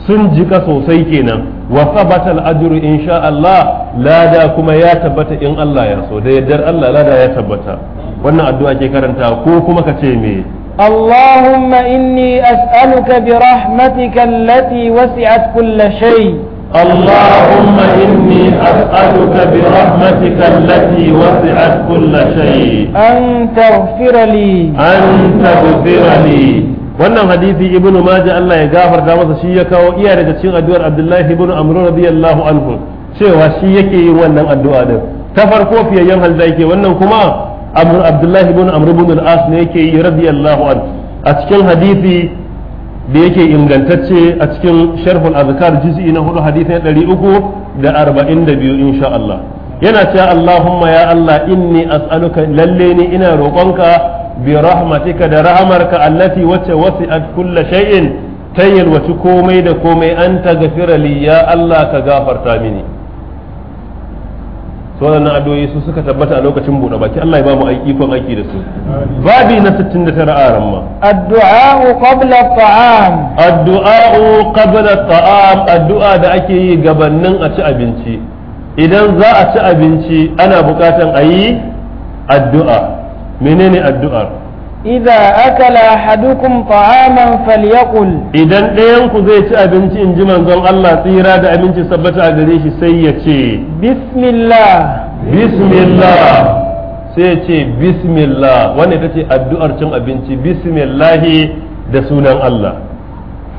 sun jika sosai kenan wa sabata al-ajru insha Allah lada kuma ya tabbata in Allah ya so da yardar Allah lada ya tabbata wannan addu'a ke karanta ko kuma ka ce me Allahumma inni as'aluka bi rahmatika allati wasi'at kull shay Allahumma inni as'aluka bi rahmatika allati wasi'at kull shay an taghfira li an taghfira li wannan hadisi ibnu Maji Allah ya gafarta masa shi ya kawo iya daga cikin addu'ar Abdullahi ibnu Amr radiyallahu anhu cewa shi yake yin wannan addu'a din ta farko fiyayyen halda yake wannan kuma Amr Abdullahi ibnu Amr ibn al-As ne yake yi radiyallahu anhu a cikin hadisi da yake ingantacce a cikin sharhul azkar juz'i na hudu hadisi na 342 insha Allah yana cewa Allahumma ya Allah inni as'aluka lalle ni ina roƙonka bi rahmatika da rahamarka allati wacce wasi'at kulla shay'in ta yalwaci komai da komai an ta gafira li ya Allah ka gafarta mini sauran adoyi su suka tabbata a lokacin buɗe baki Allah ya ba mu ikon aiki da su babi na 69 a ramma addu'a qabla at'am addu'a qabla at'am addu'a da ake yi gabanin a ci abinci idan za a ci abinci ana bukatan a yi addu'a menene addu'ar idza akala ahadukum ta'aman falyaqul idan ɗayanku zai ci abinci in ji manzon Allah tsira da abinci sabbata a gare shi sai ya ce bismillah bismillah sai ce bismillah wannan ita ce addu'ar cin abinci bismillah da sunan Allah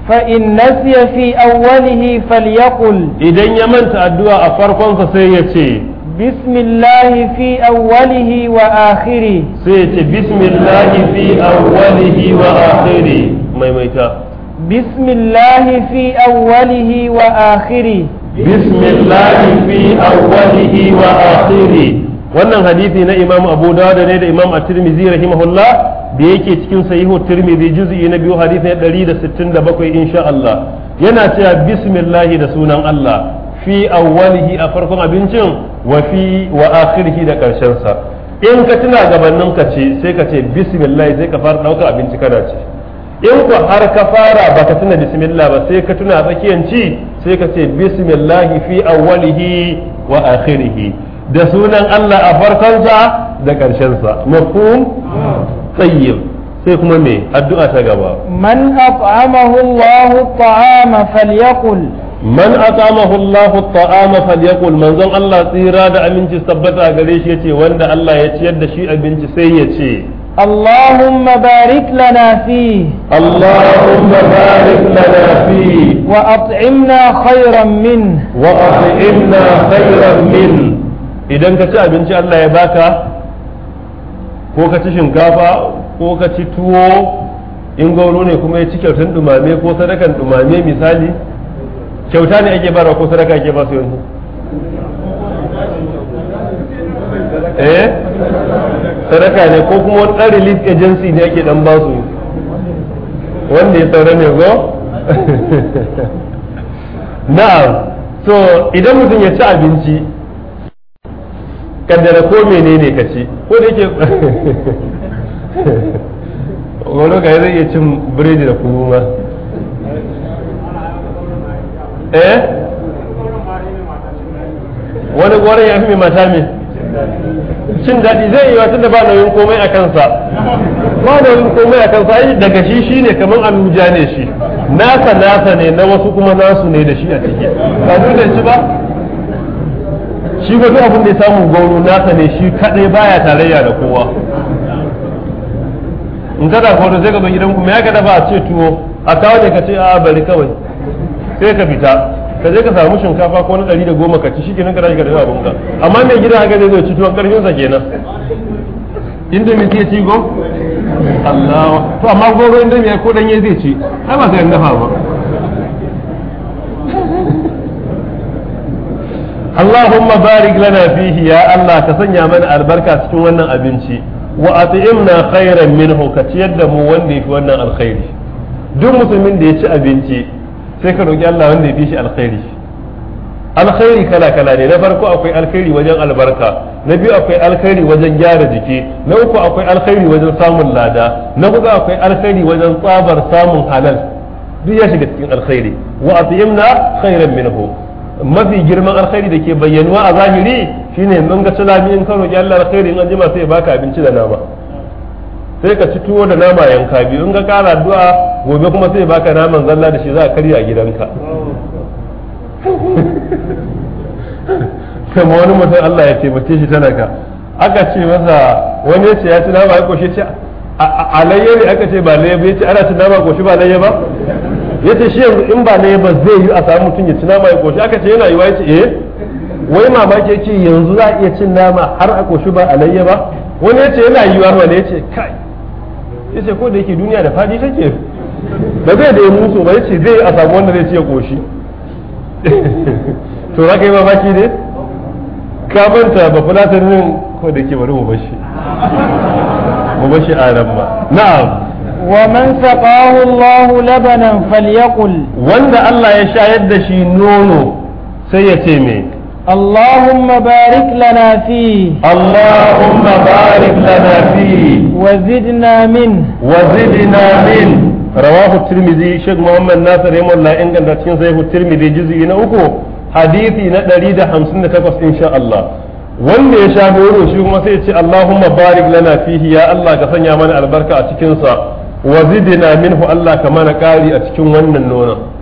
فإن نسي في أوله فليقل إذن يمنت أدوى أفرقا فسيتي بسم الله في أوله وآخره سيت بسم الله في أوله وآخره ميميتا بسم الله في أوله وآخره بسم الله في أوله وآخره wannan hadisi na imam abu dawud ne da imam at-tirmidhi rahimahullah da yake cikin sahihu tirmidhi juz'i na biyu hadisi na 167 insha Allah yana cewa bismillah da sunan Allah fi awwalihi a farkon abincin wa fi wa akhirihi da karshensa in ka tuna gabanin ka ce sai ka ce bismillah sai ka fara daukar abinci kana ci in ku har ka fara baka tuna bismillah ba sai ka tuna tsakiyan ci sai ka ce bismillah fi awwalihi wa akhirihi da sunan Allah a farkon da karshensa sa mafhum tayyib sai kuma me addu'a ta gaba man af'amahu Allahu ta'ama falyakul man atamahu Allah at'ama falyakul manzon Allah tsira da aminci tabbata gare shi yace wanda Allah ya ciyar da shi abinci sai ya ce اللهم بارك لنا فيه اللهم بارك لنا فيه وأطعمنا خيرا منه وأطعمنا خيرا منه إذا كنت أبنتي الله يباكى ko ka ci shinkafa ko ka ci tuwo in gauro ne kuma ya ci kyautar dumame ko sadakan dumame misali kyauta ne ake barwa ko sadaka ake ba su yanzu eh sadaka ne ko kuma wata relief agency ne ake dan ba su wanda ya saura ne zo na'am so idan mutum ya ci abinci kaddara ko menene ka ci ko da yake wani ka zai iya cin biredi da kuma eh wani gwarin ya fi mata me cin daɗi zai yi wata da ba nauyin komai a kansa ba nauyin komai a kansa yi daga shi shi ne kamar aluja ne shi nasa nasa ne na wasu kuma nasu ne da shi a ciki ba da shi ba shi ko duk abin da ya samu gauru nasa ne shi kaɗai baya tarayya da kowa in kada ko da zai gaba gidan kuma ya gada dafa a ce tuwo a kawo ne ka ce a bari kawai sai ka fita ka je ka samu shinkafa ko na ɗari da goma ka ci shi kenan ka tashi ka tafi abin ka amma mai gida haka zai zo ci tuwon ƙarfin sa kenan inda mai ce ci go Allah to amma gogo inda mai ko danye zai ci ai ba sai an dafa ba Allahumma barik lana fihi ya Allah ka sanya mana albarka cikin wannan abinci wa at'imna khairan minhu ka ciyar da mu wanda fi wannan alkhairi duk musulmin da ya ci abinci sai ka roki Allah wanda ya fi shi alkhairi alkhairi kala kala ne na farko akwai alkhairi wajen albarka na biyu akwai alkhairi wajen gyara jiki na uku akwai alkhairi wajen samun lada na hudu akwai alkhairi wajen tsabar samun halal duk ya shiga cikin alkhairi wa atiyamna khairan minhu mafi girman alkhairi da ke bayyanuwa a zahiri shine mun ga sulami in ka roki Allah alkhairi in jima sai baka abinci da nama sai ka ci tuwo da nama yanka biyu in ka kara addu'a gobe kuma sai baka naman zalla da shi za a karya gidanka kuma wani mutum Allah ya mace shi talaka aka ce masa wani ya ce ya ci nama ya koshe ce a layye ne aka ce ba layye ba ya ce ana ci nama koshi ba layya ba ya ce shi yanzu in ba layya ba zai yi a samu mutum ya ci nama ya koshi aka ce yana yiwa ya ce eh wai mamaki ya ce yanzu za a iya cin nama har a koshi ba a layya ba wani ya ce yana yiwa wani ya ce kai ya ce ko da yake duniya da fadi take ba zai da ya musu ba ya ce zai a samu wanda zai ce koshi to za ka yi mamaki ne ka manta ba nan ko da ke bari mu bashi mu bashi a ran ba na'am ومن wanda allah ya فليقل وند shi nono sai ya ce me. اللهم بارك لنا فيه اللهم بارك لنا فيه وزدنا منه وزدنا منه رواه الترمذي شيخ محمد ناصر رحمه الله ان كان cikin sahihu الترمذي juz'i na uku hadisi na 158 insha Allah wanda ya sha goro shi kuma sai ya ce Allahumma barik lana fihi ya Allah ka sanya mana albarka a cikin sa wa zidna minhu Allah ka mana kari a cikin wannan nonon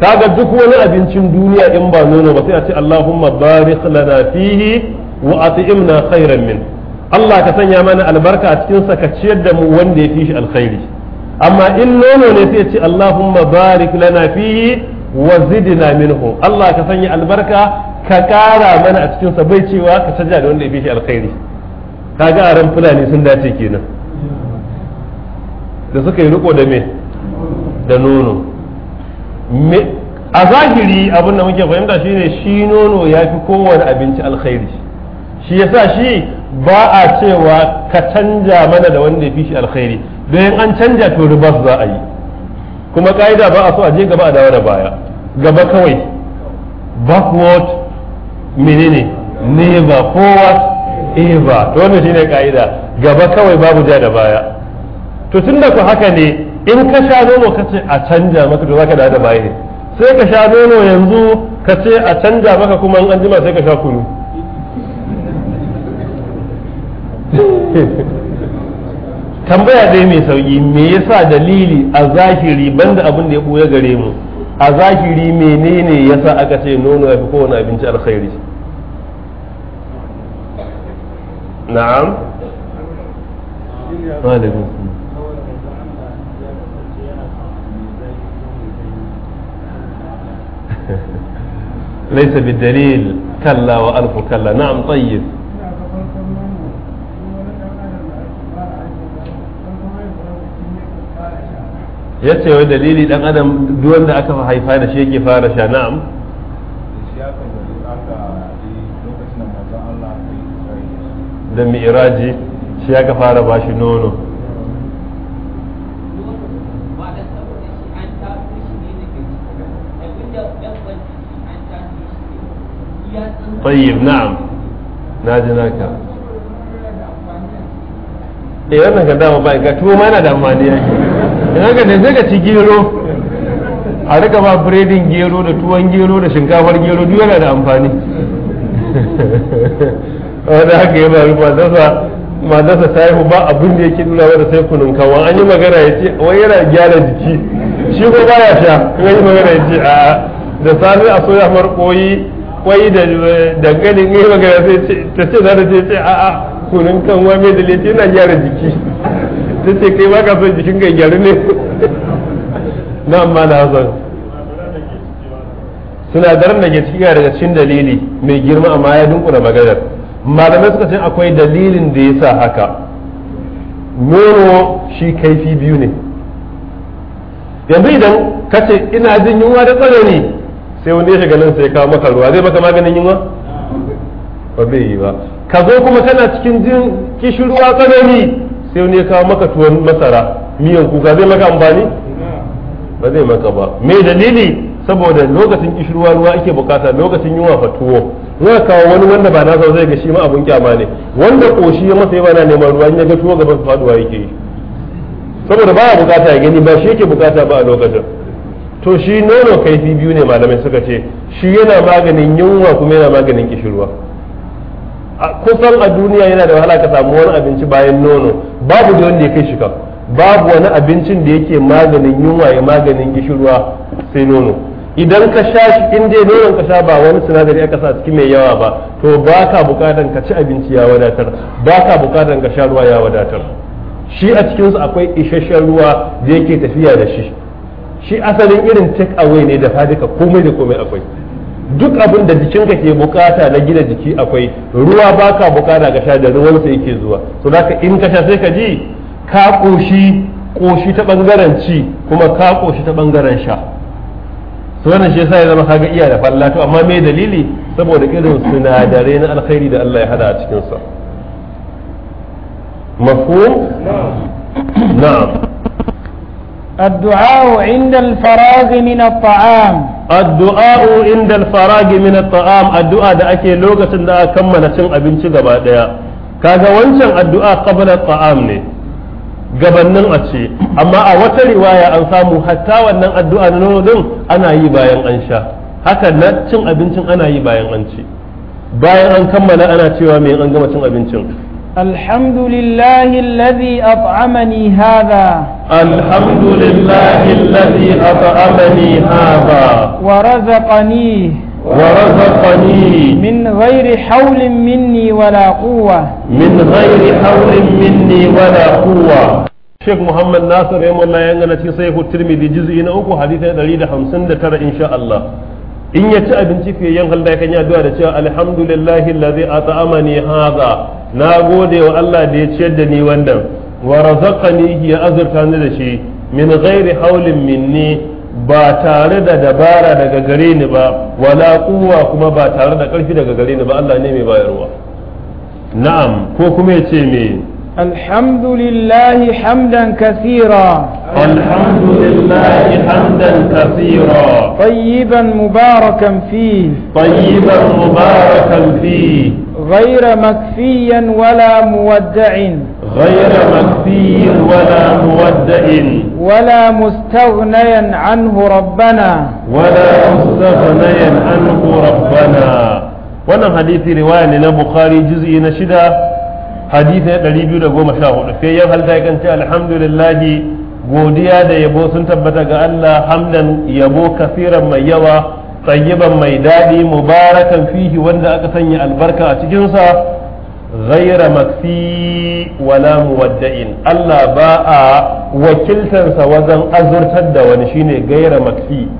kaga duk wani abincin duniya in ba nono ba sai a ce Allahumma barik lana fihi wa at'imna khairan min Allah ka sanya mana albarka a cikin sa ka ciyar da mu wanda ya fi shi alkhairi amma in nono ne sai ce Allahumma barik lana fihi wa zidna minhu Allah ka sanya albarka ka kara mana a cikin sa bai cewa ka caja da wanda ya fi shi alkhairi kaga a ran fulani sun dace kenan da suka yi riko da me da nono a zahiri abin da muke fahimta shine shi nono ya fi kowane abinci alkhairi shi ya sa shi ba a cewa ka canja mana da wanda ya fi shi alkhairi don an canja to ribas za a yi kuma ka'ida ba a so a je gaba a dawo da baya gaba kawai backward menene never forward ever to wannan shine ka'ida gaba kawai babu ja da baya to da ku haka ne in ka sha nono ka ce a canja maka to zaka da baye sai ka sha nono yanzu ka ce a canja maka kuma in an jima sai ka sha kunu tambaya dai mai sauki me yasa dalili a zahiri banda abin da ya buya gare mu a zahiri menene yasa aka ce nono ya fi kowane abinci alkhairi na'am laisa bi dalil kalla wa alfu kalla na'am ya ce wai dalili dan adam duk wanda aka haifa da shi yake fara sha na'am da mi'raji shi aka fara bashi nono tayyib na'am na ji naka eh wannan ka dama bayan ka tuwo ma yana da amfani yake idan ka sai ka ci gero a rika ba biredin gero da tuwon gero da shinkafar gero duk yana da amfani wanda haka ya faru ba dasa matarsa ta haihu ba abin da yake nuna wanda sai kunun kawo an yi magana ya ce wai yana gyara jiki shi ko ba ya sha in an yi magana ya ce a da sami a soya mar kwai da dangane ne magana sai ta ce za ta ce ce a'a kunun kan wa mai dalili yana gyara jiki ta ce kai ba ka son jikin ka gyaru ne na amma na zan sinadaran da ke ciki daga cikin dalili mai girma amma ya dunkula maganar malamai suka ce akwai dalilin da ya sa haka nono shi kaifi biyu ne yanzu idan ka ce ina jin yunwa da tsanani sai wani ya shiga nan sai kawo maka ruwa zai maka maganin yunwa ba bai yi ba ka zo kuma kana cikin jin kishirwa tsanani sai wani ya kawo maka tuwon masara miyan kuka zai maka amfani ba zai maka ba me dalili saboda lokacin kishirwa ruwa ake bukata lokacin yunwa fa tuwo za kawo wani wanda ba nasa zai ga shi ma abun kyama ne wanda koshi ya masa na neman ruwa ya ga tuwo gaban faduwa yake yi saboda ba a bukata ya gani ba shi yake bukata ba a lokacin to shi nono kaifi biyu ne malamai suka ce shi yana maganin yunwa kuma yana maganin kishirwa kusan a duniya yana da wahala ka samu wani abinci bayan nono babu da wanda ya kai shi kan babu wani abincin da yake maganin yunwa ya maganin kishirwa sai nono idan ka sha shi in dai nonon ka sha ba wani sinadari aka sa ciki mai yawa ba to ba ka bukatan ka ci abinci ya wadatar ba ka bukatan ka sha ruwa ya wadatar shi a cikinsu akwai isasshen ruwa da yake tafiya da shi shi asalin irin take away ne da fadika komai da komai akwai duk abin da jikinka ke bukata na gina jiki akwai ruwa baka bukata ka sha da ruwan sai yake zuwa so zaka in ka sha sai ka ji ka koshi koshi ta bangaren ci kuma ka koshi ta bangaren sha so wannan shi yasa ya zama kaga iya da to amma me dalili saboda irin sinadarai na alkhairi da Allah ya hada a cikin sa mafhum na'am الدعاء عند الفراغ من الطعام الدعاء عند الفراغ من الطعام الدعاء da ake lokacin da aka kammala cin abinci gaba daya kaga wancan addu'a qabla ta'am ne gabannin a ce amma a wata riwaya an samu hatta wannan addu'a na nono ana yi bayan an sha haka na cin abincin ana yi bayan an ci bayan an kammala ana cewa me an gama cin abincin الحمد لله الذي أطعمني هذا الحمد لله الذي أطعمني هذا ورزقنيه ورزقني من غير حول مني ولا قوة من غير حول مني ولا قوة Sheikh Muhammad Nasir ya mulla ya gana cikin sai ku Tirmidhi juz'i na uku hadisi 159 insha Allah in ya ci abinci fiye yin halda kan yi addu'a da cewa alhamdulillahi allazi at'amani haza na gode wa Allah da ya ciyar da ni wannan wa razaqani ya azurta ni da shi min ghairi haulin minni ba tare da dabara daga gare ni ba wala quwwa kuma ba tare da karfi daga gare ni ba Allah ne mai bayarwa na'am ko kuma ya ce me الحمد لله حمدا كثيرا الحمد لله حمدا كثيرا طيبا مباركا فيه طيبا مباركا فيه غير مكفيا ولا مودع غير مكفي ولا مودع ولا مستغنيا عنه ربنا ولا مستغنيا عنه ربنا wannan حديث رواه البخاري na bukhari hadisi ya 214 sai ya halta ya ce alhamdulillah godiya da yabo sun tabbata ga Allah hamdan yabo kasiran mai yawa tayyiban mai daɗi mubarakan fihi wanda aka sanya albarka a cikinsa ghaira makfi wala muwadda'in Allah ba a wakiltansa wajen azurtar da wani shine gaira makfi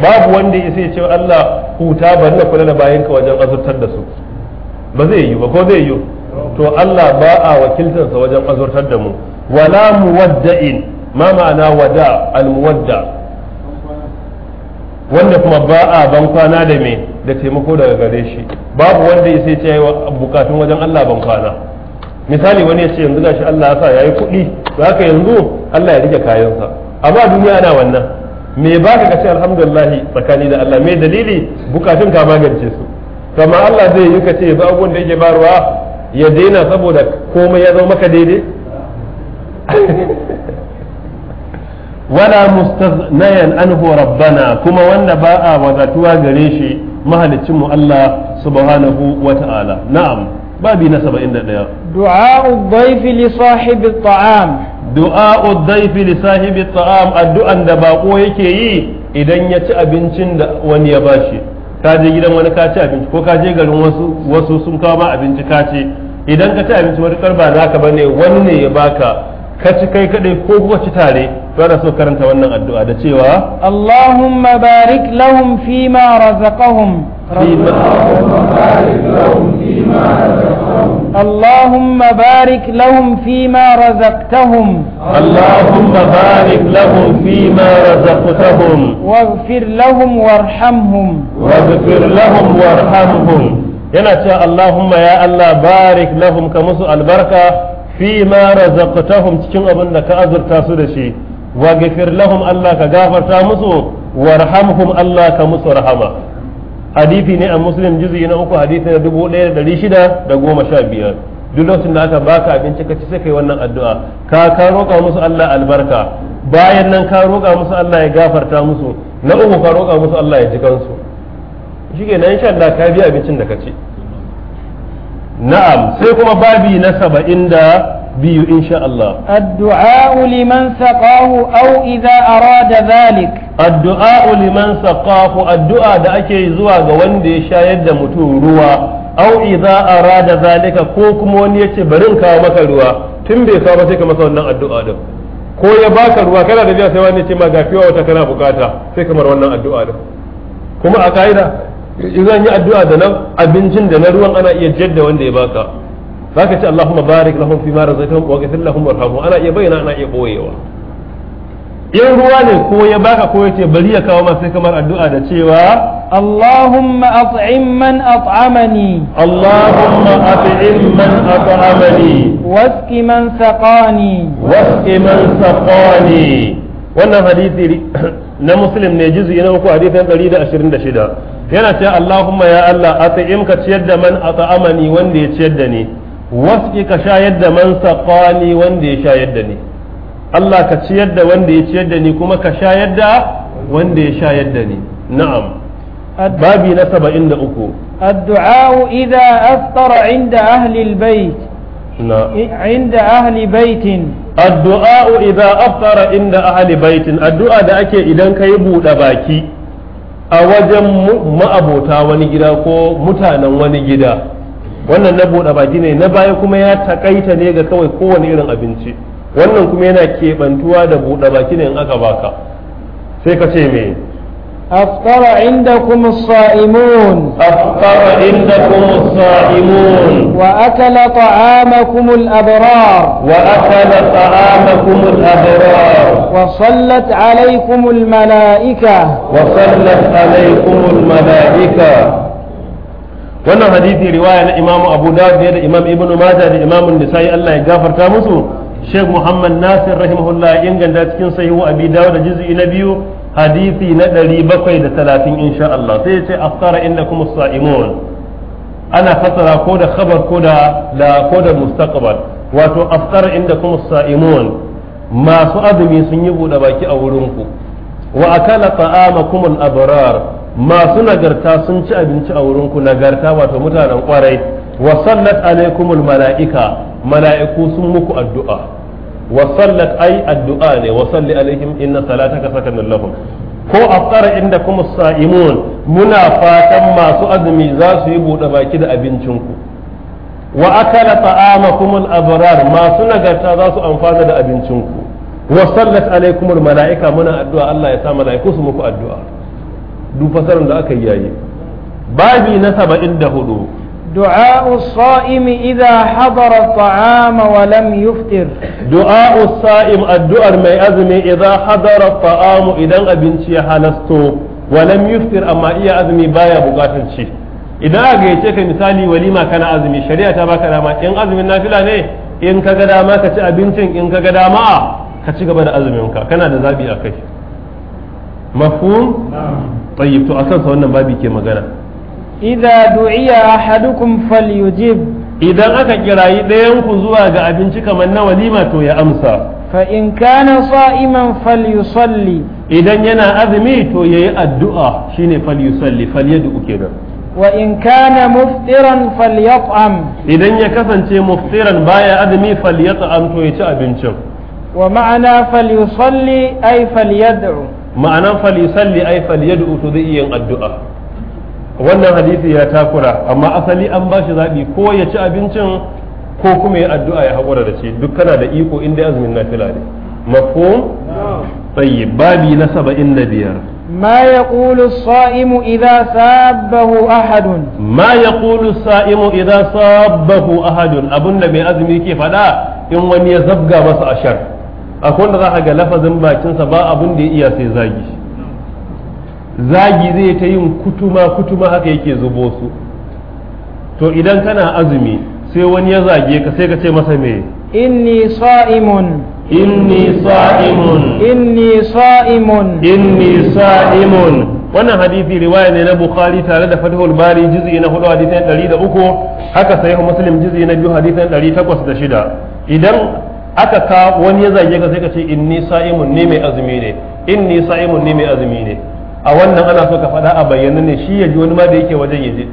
babu wanda ya ce Allah huta bari na kula da bayanka wajen azurtar da su ba zai yi ba ko zai yi to Allah ba a wakiltarsa wajen azurtar da mu wala muwadda'in ma ma'ana wada almuwadda wanda kuma ba a ban kwana da me da taimako daga gare shi babu wanda ya sai ce bukatun wajen Allah ban kwana misali wani ya ce yanzu gashi Allah ya sa yayi kuɗi zaka yanzu Allah ya rike kayansa amma duniya ana wannan me ba ka ce alhamdulillah tsakani da Allah me dalili bukatun ka magance su kamar Allah zai yi ka ce ba abubuwan da yake barwa ya daina saboda komai ya zama maka daidai wala mustaznayan anhu rabbana kuma wanda ba a wadatuwa gare shi mahalicin mu Allah subhanahu wa ta'ala na'am babi na 71 du'a'u dhayfi li sahibi at'am du'a'u dhayfi li sahibi at'am addu'an da bako yake yi idan ya ci abincin da wani ya bashi ka je gidan wani ka ci abinci ko ka je garin wasu wasu sun kawo ma abinci ka idan ka ci abinci matukar ba naka bane wani ne ya baka ka ci kai kadai ko kuka ci tare ba ana so karanta wannan addu'a da cewa Allahumma barik lahum fima razaqahum بارك لهم فيما رزقتهم اللهم بارك لهم فيما رزقتهم واغفر لهم وارحمهم واغفر لهم وارحمهم yana cewa Allahumma ya Allah barik lahum ka albarka fi ma razaqtahum cikin abin da ka azurta su da shi wa gafir lahum Allah ka gafarta musu warhamhum Allah ka musu rahama hadisi ne a na uku hadisi na duk lokacin da aka baka abinci ka ci sai kai wannan addu'a ka ka roƙa musu Allah albarka bayan nan ka roƙa musu Allah ya gafarta musu na uku ka roƙa musu Allah ya ji kansu shikenan insha Allah ka biya abincin da ka ci na'am sai kuma babi na saba'in da biyu insha Allah addu'a liman saqahu aw idza arada zalik addu'a liman saqahu addu'a da ake zuwa ga wanda ya shayar da mutum ruwa au idza arada zalika ko kuma wani yace bari in kawo maka ruwa tun bai kawo ba sai ka masa wannan addu'a din ko ya baka ruwa kana da biya sai wani ce ma ga wata kana bukata sai kamar wannan addu'a din kuma a ka'ida idan yi addu'a da nan abincin da na ruwan ana iya jaddada wanda ya baka zaka ce Allahumma barik lahum fi ma razaqtahum wa qina lahum warhamhum ana iya bayyana ana iya boyewa in ruwa ne ko ya baka ko ya ce bari ya kawo masu kamar addu'a da cewa اللهم أطعم man أطعمني اللهم أطعم من أطعمني واسق من سقاني واسق من سقاني wannan hadisi na muslim ne jizu na uku hadisin 126 yana ce Allahumma ya Allah at'im ka ciyar da man at'amani wanda ya ciyar da ni Waski ka shayar da man saqani wanda ya shayar da ni Allah ka ciyar da wanda ya ciyar da ni kuma ka shayar da wanda ya shayar da ni na'am babi na saba'in da uku addu'a idza aftara inda ahli albayt inda ahli baitin addu'a idza aftara inda ahli baitin addu'a da ake idan kai buɗe baki a wajen ma'abota wani gida ko mutanen wani gida wannan na buɗe baki ne na baya kuma ya takaita ne ga kawai kowane irin abinci wannan kuma yana keɓantuwa da buɗe baki ne in aka baka sai ka ce me أفطر عندكم الصائمون أفطر عندكم الصائمون وأكل طعامكم الأبرار وأكل طعامكم الأبرار وصلت عليكم الملائكة وصلت عليكم الملائكة wannan hadisi riwaya na imamu abu dawud da imam ibnu majah da imam nisa'i Allah ya gafarta musu Sheikh Muhammad Nasir rahimahullah ya inganta cikin sahihu Abi Dawud da juz'i na biyu hadisi na 730 insha Allah sai ya ce afkara innakum as-sa'imun ana fasara ko da khabar ko da la ko da mustaqbal wato afkara indakum as-sa'imun masu azumi sun yi bude baki a wurin ku wa akala ta'amakum al masu nagarta sun ci abinci a wurinku nagarta wato mutanen kwarai wa sallat alaikumul mala'ika mala'iku sun muku addu'a wasallat ai addu'a ne wasalli alaihim inna salataka sakanan lahum ko aftara inda kuma sa'imun muna fatan masu azumi za su yi buɗe baki da abincinku wa akala ta'amakum al-abrar masu nagarta za su amfana da abincinku wa sallat alaikum al-mala'ika muna addu'a Allah ya sa mala'iku su muku addu'a duk da aka yi yayi babi na 74 دعاء الصائم إذا حضر الطعام ولم يفطر دعاء الصائم الدؤر ما أزمي إذا حضر الطعام إذا أبنتي حالستو ولم يفطر أما إيا أزمي بايا بقاتل شيء idan a gayyace ka misali walima kana azumi shari'a ta baka dama in azumin nafila ne in ka ga dama ka ci abincin in ka ga dama ka ci gaba da azuminka kana da zabi a kai mafhum tayyib to akan sa wannan babi ke magana idza du'iya ahadukum falyujib idan aka kirayi ɗayan ku zuwa ga abinci kamar na walima to ya amsa fa in kana sa'iman falyusalli idan yana azumi to yayi addu'a shine falyusalli falyad'u kenan wa in kana muftiran falyat'am idan ya kasance muftiran baya azumi falyat'am to ya ci abincin wa ma'ana falyusalli ay falyad'u ma'anan falyusalli ay falyad'u to zai yin addu'a wannan hadisi ya takura amma asali an ba shi zaɓi ko ya ci abincin ko kuma ya addu'a ya haƙura da ce duk kana da iko inda azumin na fila ne mafo tsaye babi na biyar ma ya sa'imu idan sabbahu ahadun ma ya sa'imu idan sabbahu ahadun da mai azumi ke faɗa in wani ya zabga masa ashar akwai wanda za ga lafazin bakinsa ba abun da ya iya sai zagi shi zagi zai ta yin kutuma kutuma haka yake zubo su to idan kana azumi sai wani ya zage ka sai ka ce masa me inni sa'imun inni sa'imun inni sa'imun inni sa'imun wannan hadisi riwaya ne na bukhari tare da fathul bari juz'i na 4 hadisin 300 haka sahih muslim juz'i na 2 hadisin 806 idan aka ka wani ya zage ka sai ka ce inni sa'imun ne mai azumi ne inni sa'imun ne mai azumi ne a wannan ana so ka faɗa a bayyana ne shi ya ji wani ma da yake wajen ya je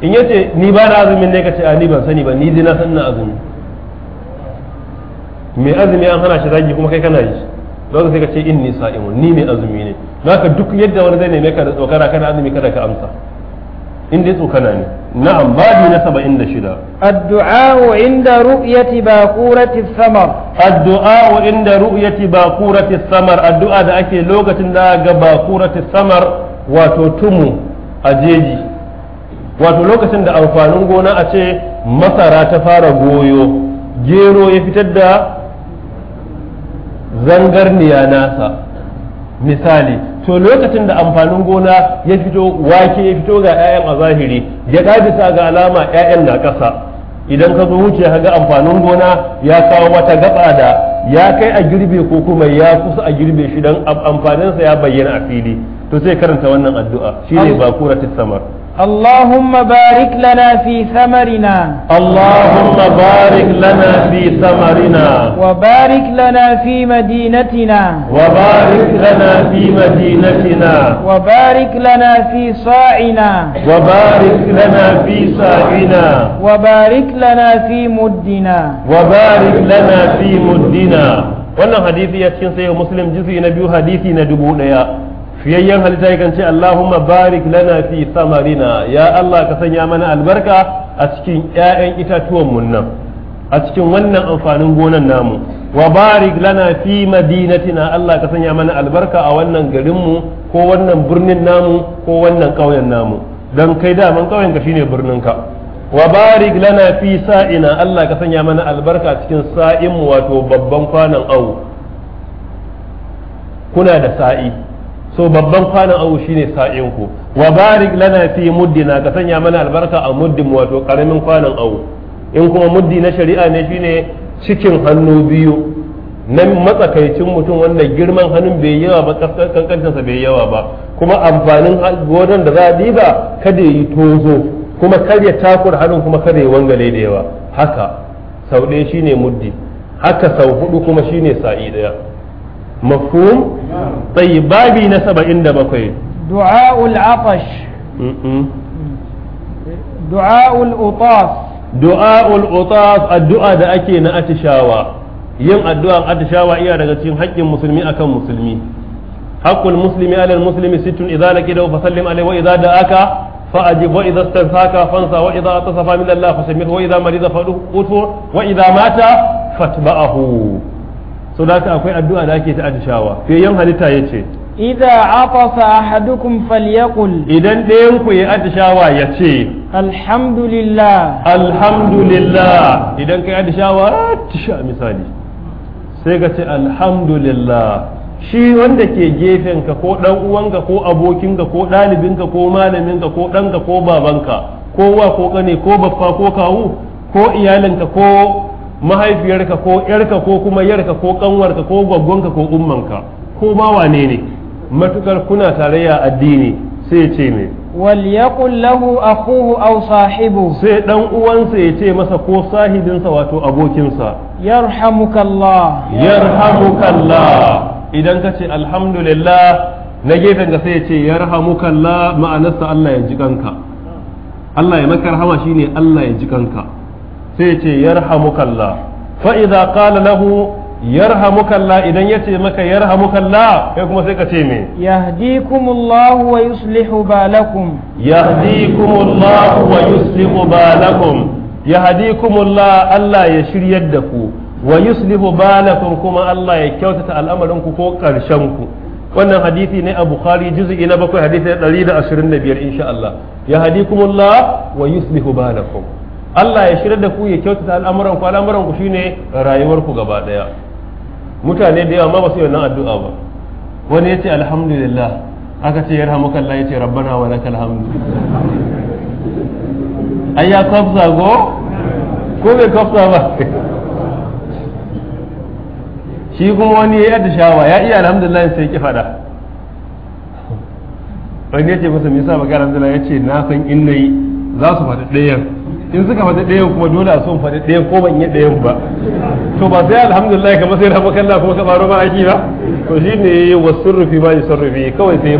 in ya ce ni ba na azumin ne ka ce a ni ban sani ba ni dai na san na azumi mai azumi an hana shi zagi kuma kai kana yi don sai ka ce in ni sa'imun ni mai azumi ne ka duk yadda wani zai neme ka da tsokara kana azumi kada ka amsa in dai tsokana ne na'am babi na 76 addu'a inda ru'yati baqurati samar addu'a inda ru'yati baqurati samar addu'a da ake lokacin da ga baqurati samar wato tumu a jeji wato lokacin da amfanin gona a ce masara ta fara goyo gero ya fitar da zangarniya nasa misali to lokacin da amfanin gona ya fito wake ya fito ga 'ya'yan a zahiri ya bisa ga alama 'ya'yan na ƙasa idan ka zo wuce ka ga amfanin gona ya kawo wata gaba da ya kai a girbe ko kuma ya kusa a girbe shi don amfaninsa ya bayyana a fili to sai karanta wannan addu'a shine bakuratis samar اللهم بارك لنا في ثمرنا اللهم بارك لنا في ثمرنا وبارك لنا في مدينتنا وبارك لنا في مدينتنا وبارك لنا في صاعنا وبارك لنا في صاعنا وبارك لنا في مدنا وبارك لنا في مدنا wannan hadisi ya cikin sai muslim juz'i na biyu hadisi na dubu ɗaya fiyayyen halitta yakan ce Allahumma barik lana fi samarina ya Allah ka sanya mana albarka a cikin ƴaƴan itatuwan mun nan a cikin wannan amfanin gonan namu wa barik lana fi madinatina Allah ka sanya mana albarka a wannan garin mu ko wannan birnin namu ko wannan ƙauyen namu dan kai da daman ƙauyen ka shine birnin ka wa barik lana fi sa'ina Allah ka sanya mana albarka a cikin sa'in wato babban kwanan awo kuna da sa'i so babban kwanan awu shine sa'in ku wa barik lana fi muddina ka sanya mana albarka a muddin wato karamin kwanan awu in kuma muddi na shari'a ne shine cikin hannu biyu na matsakaicin mutum wanda girman hannun bai yawa ba kankantarsa bai yawa ba kuma amfanin gonan da za a diba kada yi tozo kuma kar ya takura hannun kuma kada ya wangale da yawa haka sau ɗaya shine muddi haka sau hudu kuma shine sa'i ɗaya mafhum tayyib babi na 77 du'aul atash du'aul utas du'aul utas addu'a da ake na atishawa yin addu'an atishawa iya daga cikin haƙƙin musulmi akan musulmi haqqul muslimi alal muslimi sittun idza laqidahu fasallim alayhi wa idza فأجب وإذا استنفاك فانسى وإذا اتصف من الله فسمه وإذا مريض فأدوه وإذا مات فاتبعه so da akwai addu'a da ake ta fiye yan halitta ya ce idza atasa ahadukum falyaqul idan ɗayan ku ya atishawa ya ce alhamdulillah alhamdulillah idan kai atishawa tisha misali sai ka ce alhamdulillah shi wanda ke gefen ka ko dan uwanka ko abokinka ko ɗalibinka ko malaminka ko ɗanka ko babanka ko wa ko kane ko baffa ko kawu ko iyalinka ko mahaifiyarka ko yarka ko kuma yarka ko kanwarka ko gwaggonka ko ummanka ko ma wane ne matukar kuna tarayya addini sai ce me wal yaqul lahu akhuhu aw sahibu sai dan uwansa ya ce masa ko sahibinsa wato abokinsa yarhamukallah yarhamukallah idan ka ce alhamdulillah na gefen ka sai ya ce yarhamukallah ma'anarsa Allah ya ji kanka Allah ya maka rahama shine Allah ya ji kanka sai ce yarhamukallah fa idza qala lahu yarhamukallah idan yace maka yarhamukallah kai kuma sai ka ce me yahdikumullahu wa yuslihu balakum yahdikumullahu wa yuslihu balakum Allah ya shiryar da ku wa yuslihu balakum kuma Allah ya kyautata al'amarin ku ko karshen ku wannan hadisi ne a bukhari juz'i na bakwai hadisi 125 insha Allah yahdikumullah wa yuslihu balakum Allah ya shirar da ku ya kyautata al'amuran ku al'amuran ku shine rayuwar ku gaba daya mutane da yawa ma ba su yi wannan addu'a ba wani ya ce alhamdulillah aka ce yarhamuka Allah ya ce rabbana wa lakal hamdu ayya kafza go ko bai kafza ba shi kuma wani ya yadda shawa ya iya alhamdulillah sai ki fada wani ya ce masa me yasa ga alhamdulillah ya ce na san in yi za su faɗi ɗayan in suka faɗi ɗayan kuma dole a son faɗi ɗayan ko ban yi ɗayan ba to ba sai alhamdulillah kamar sai rabu kalla kuma ka baro ba aiki ba to shine wa surrufi ba surrufi kawai sai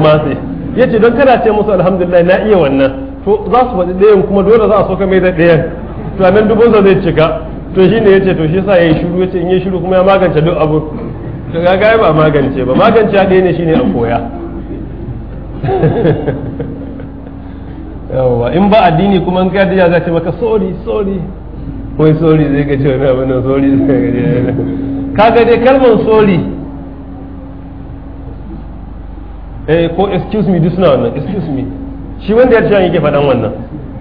ya yace don kana ce musu alhamdulillah na iya wannan to za su faɗi ɗayan kuma dole za a so ka mai da ɗayan to nan dubun sa zai cika to shine yace to shi sa ya yi shiru yace in yi shiru kuma ya magance duk abu to ga ba magance ba magance ɗaya ne shi ne a koya yawwa in ba addini kuma in kai da za ce maka sorry sorry wai sorry zai ga cewa abin nan sorry zai ga kaga dai kalmar sorry eh ko excuse me duk suna wannan excuse me shi wanda ya ce yake faɗan wannan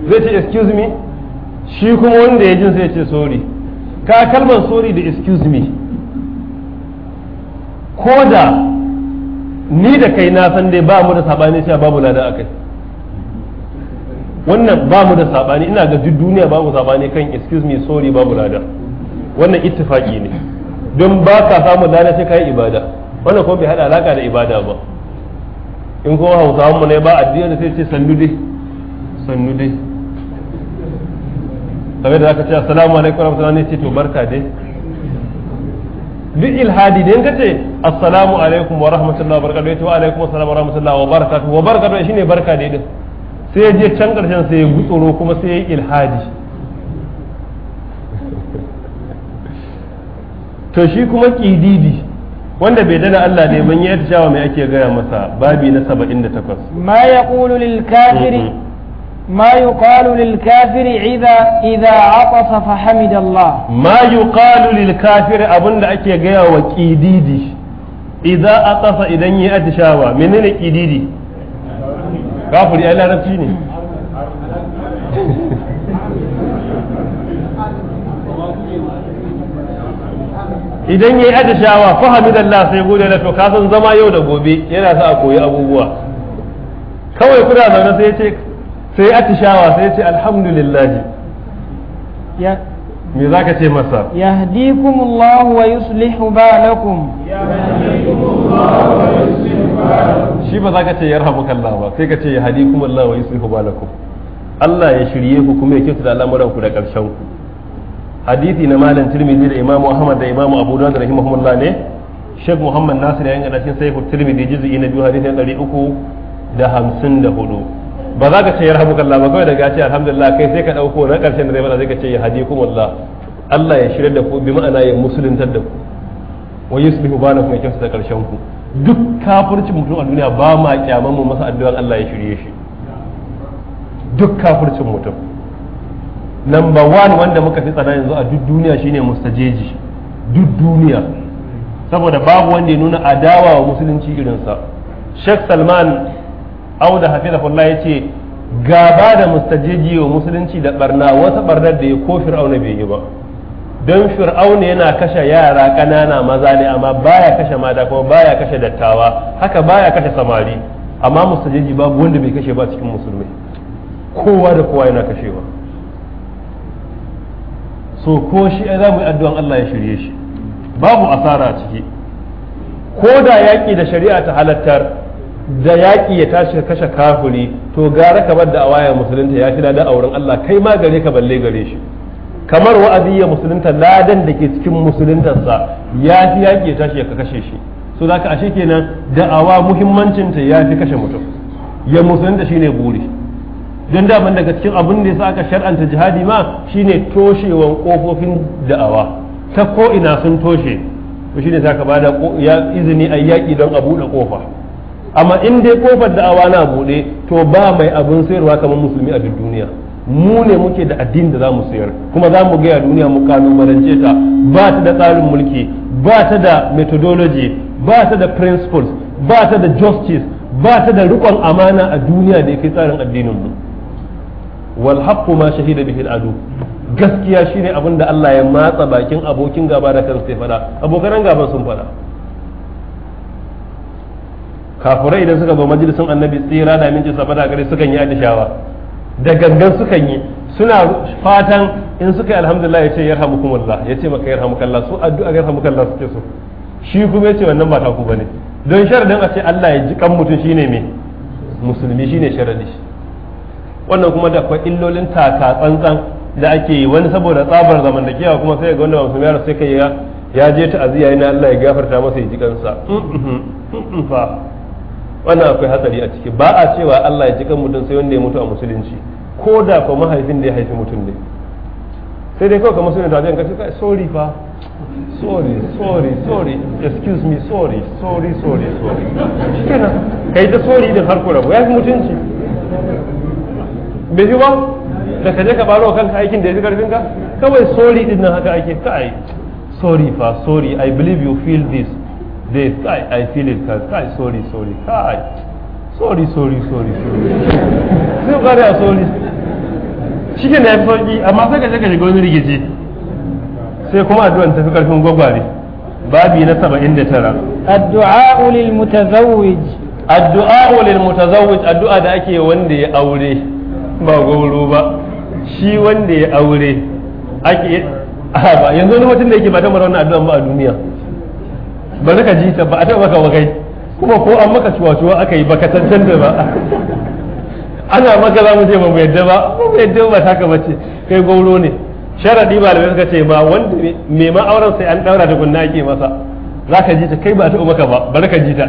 zai ce excuse me shi kuma wanda ya jin sai ce sorry ka kalmar sorry da excuse me ko da ni da kai na san dai ba mu da sabani cewa babu ladan akai wannan ba mu da sabani ina ga duk duniya mu sabani kan excuse me sorry babu lada wannan ittifaki ne don ba ka samu lada sai ka yi ibada wannan kuma bai hada alaka da ibada ba in kuma hausawan mu ne ba addini sai ce sannu dai sannu dai kamar da zaka ce assalamu alaikum warahmatullahi ne ce to barka dai duk ilhadi da yanka ce assalamu alaikum wa rahmatullahi wa barakatuhu wa alaikum assalam wa rahmatullahi wa barakatuhu wa barakatuhu shine barka dai din sai je can ƙarshen sai ya gutsuro kuma sai ya yi ilhadi to shi kuma ƙididi wanda bai dada Allah ne ban yi tashawa mai ake gaya masa babi na 78 ma ya ƙulu mm-hmm. ma yi ƙalu lil kafiri idha idha fa ma yi ƙalu lil abinda ake gaya wa ƙididi kididi a ƙasa idan yi atishawa menene kididi kafiri ai larabci ne idan yayi adashawa fa hamidallah sai gode la to ka san zama yau da gobe yana sa a koyi abubuwa kawai kuna zaune sai ce sai atishawa sai ce alhamdulillah ya me za ka ce masa yahdikumullahu wa yuslihu balakum yahdikumullahu wa yuslihu shi ba za ka ce kalla ba sai ka ce kuma Allah wa yuslihu balakum Allah ya shirye ku kuma ya da al'amuran ku da karshen ku hadisi na malam Tirmidhi da Imam Ahmad da Imam Abu Dawud rahimahumullah ne Sheikh Muhammad Nasir ya inganta cikin Sahih Tirmidhi juz'i na biyu hadisi na 354 ba za ka ce kalla ba kawai daga ce alhamdulillah kai sai ka dauko na karshen da zai bada sai ka ce kuma Allah Allah ya shirye da ku bi ma'ana ya musuluntar da ku wa yusbihu balakum ya da karshen ku duk kafirci mutum a duniya ba ma kyaman mu masa addu'ar Allah ya shirye shi duk kafircin mutum number one wanda muka fi tsana yanzu a duk duniya shine mustajeji duk duniya saboda babu wanda ya nuna adawa wa musulunci irinsa Sheikh Salman Auda Hafizahullah ya ce gaba da mustajeji wa musulunci da barna wata barnar da ya ko fir'auna bai yi ba don fir'auna yana kashe yara ƙanana maza ne amma baya kashe mata kuma baya kashe dattawa haka baya kashe samari amma musajiji babu wanda bai kashe ba cikin musulmai kowa da kowa yana kashewa so ko shi za mu yi addu'an Allah ya shirye shi babu asara a ciki ko da yaƙi da shari'a ta halattar da yaƙi ya tashi kashe kafuri to gara ka bar da awaya musulunta ya shi da auren Allah kai ma gare ka balle gare shi kamar wa'azi ya musulunta ladan da ke cikin musuluntarsa ya fi yaƙi ya tashi ya kashe shi so ka ashe kenan da'awa muhimmancinta ya fi kashe mutum ya musulunta shine buri don daman daga cikin abin da yasa aka shar'anta jihadi ma shine toshewan kofofin da'awa ta ko ina sun toshe to shine za ka bada izini a yaƙi don a buɗe kofa amma in dai kofar da'awa na buɗe to ba mai abin sayarwa kamar musulmi a duk duniya mu ne muke da addini da za mu sayar kuma za mu gaya duniya mu kalubalance ta ba ta da tsarin mulki ba ta da methodology ba ta da principles ba ta da justice ba ta da rikon amana a duniya da yake tsarin addinin mu wal haqqu ma shahida bihi al gaskiya shine abin da Allah ya matsa bakin abokin gaba da kan sai fada abokan gaban sun fada kafirai idan suka zo majalisin annabi tsira da minci safada gare sukan yi atishawa da gangan sukan yi suna fatan in suka yi alhamdulillah ya ce yarhamukumullah ya ce maka yarhamukallah su addu'a yarhamukallah suke so shi kuma ya ce wannan ba taku bane don sharadin a ce Allah ya ji kan mutum shine me musulmi shine sharadi wannan kuma da akwai illolin taka tsantsan da ake yi wani saboda tsabar zamantakewa kuma sai ga wanda ba musulmi sai kai ya je ta'aziyya ina Allah ya gafarta masa ya ji kansa mm-hmm. Mm-hmm. fa wannan akwai hatsari a ciki ba a cewa Allah ya ji kan mutum sai wanda ya mutu a musulunci ko da kuma mahaifin da ya haifi mutum ne sai dai kawai kamar suna da wajen kace kai sorry fa sorry sorry sorry excuse me sorry sorry sorry sorry kenan kai ta sorry din har ko rabu ya fi mutunci bai ba da ka je ka baro kanka aikin da ya fi karfin ka kawai sorry din nan haka ake kai sorry fa sorry i believe you feel this dey kai i feel it kai kai sorry sorry kai sorry sorry sorry sorry sai ka da sorry shi ke na sauki amma sai ka je ka shiga wani rigici sai kuma addu'an tafi karfin gwagware babi na tara. addu'a ulil mutazawwij addu'a ulil mutazawwij addu'a da ake wanda ya aure ba gauro ba shi wanda ya aure ake ba yanzu wani mutum da yake ba ta mara wannan addu'a ba a duniya bari ka ji ta ba a taɓa maka kai kuma ko an maka cuwa-cuwa aka yi baka da ba ana maka za mu ce ba mu yadda ba ba mu yadda ba kama bace kai gauro ne sharadi malamai suka ce ba wanda mai ma auren sai an daura da gunna ake masa za ka ji ta kai ba a taɓa maka ba bari ka ji ta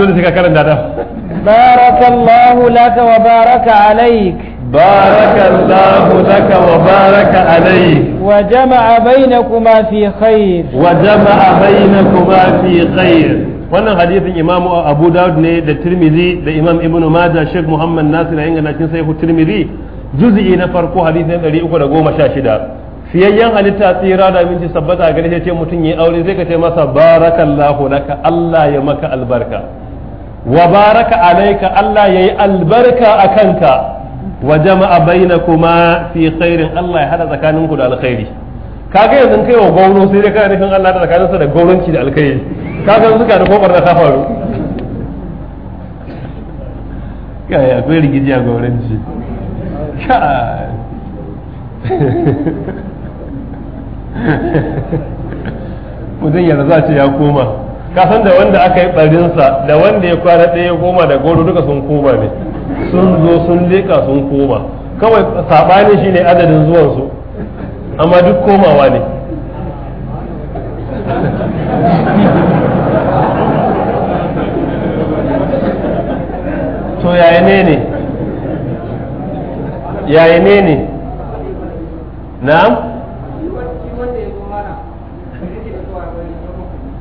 dole sai ka karanta ta barakallahu laka wa baraka alaik بارك الله لك وبارك عليك وجمع بينكما في خير وجمع بينكما في خير wannan hadisin imam abu dawud ne da tirmizi da imam ibn majah sheikh muhammad nasir ayin na cin sahihu tirmizi juz'i na farko hadisin 316 fiyayyen halitta tsira da minci sabbata gare shi ce mutum yi aure sai ka ce masa barakallahu laka Allah ya maka albarka wa baraka alayka Allah yayi albarka akanka wa jama'a bainakuma fi khairin Allah ya hada tsakaninku da alkhairi kaga yanzu kai wa gauro sai dai kana nufin Allah da tsakaninsa da gauranci da alkhairi kaga suka da kofar da ta faru kai akwai rigiji a gauranci mutum ya za ce ya koma kasan da wanda aka yi barinsa da wanda ya kwana ɗaya ya koma da goro duka sun koma ne sun zo sun leƙa sun koma kawai saɓani shine adadin zuwansu amma duk komawa ne to yaya ne ne yaya ne ne na'am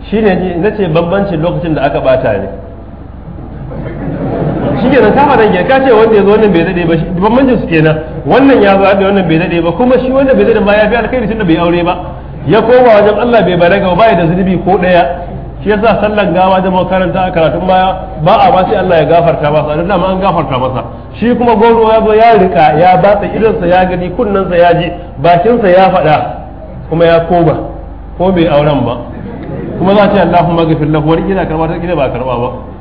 shi ne na ce bambancin lokacin da aka bata ne kenan kama ranke ka ce wanda ya zo wannan bai dade ba shi manjin su kenan wannan ya zo da wannan bai dade ba kuma shi wanda bai dade ba ya fi alkhairi da bai aure ba ya koma wajen Allah bai balaga ba ya da zunubi ko daya shi yasa sallan gawa da makaranta a karatun baya ba a ba sai Allah ya gafarta masa da dama an gafarta masa shi kuma goro ya zo ya rika ya batsa sa ya gani sa ya ji sa ya faɗa kuma ya koma ko bai auren ba kuma za ta yi Allahumma gafir lahu wani ina karba ta gida ba karba ba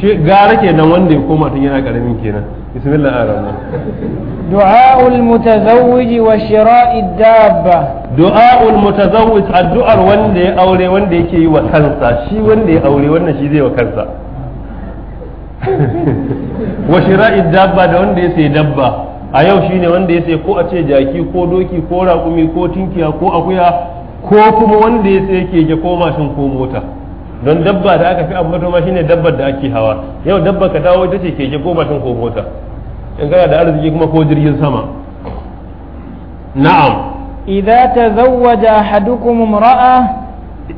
shi gara kenan wanda ya koma tun yana karamin kenan bismillah ar-rahman du'aul mutazawwij wa shira'i dabba du'aul mutazawwij addu'ar wanda ya aure wanda yake yi wa kansa shi wanda ya aure wannan shi zai wa kansa wa shira'i dabba da wanda ya sai dabba a yau shine wanda ya sai ko a ce jaki ko doki ko raƙumi ko tinkiya ko akuya ko kuma wanda ya sai keke ko mashin ko mota don dabba da aka fi mato ma shine dabbar da ake hawa yau dabba ka dawo ita ce keke ko mashin ko mota in kana da arziki kuma ko jirgin sama na'am idza tazawwaja ahadukum imra'a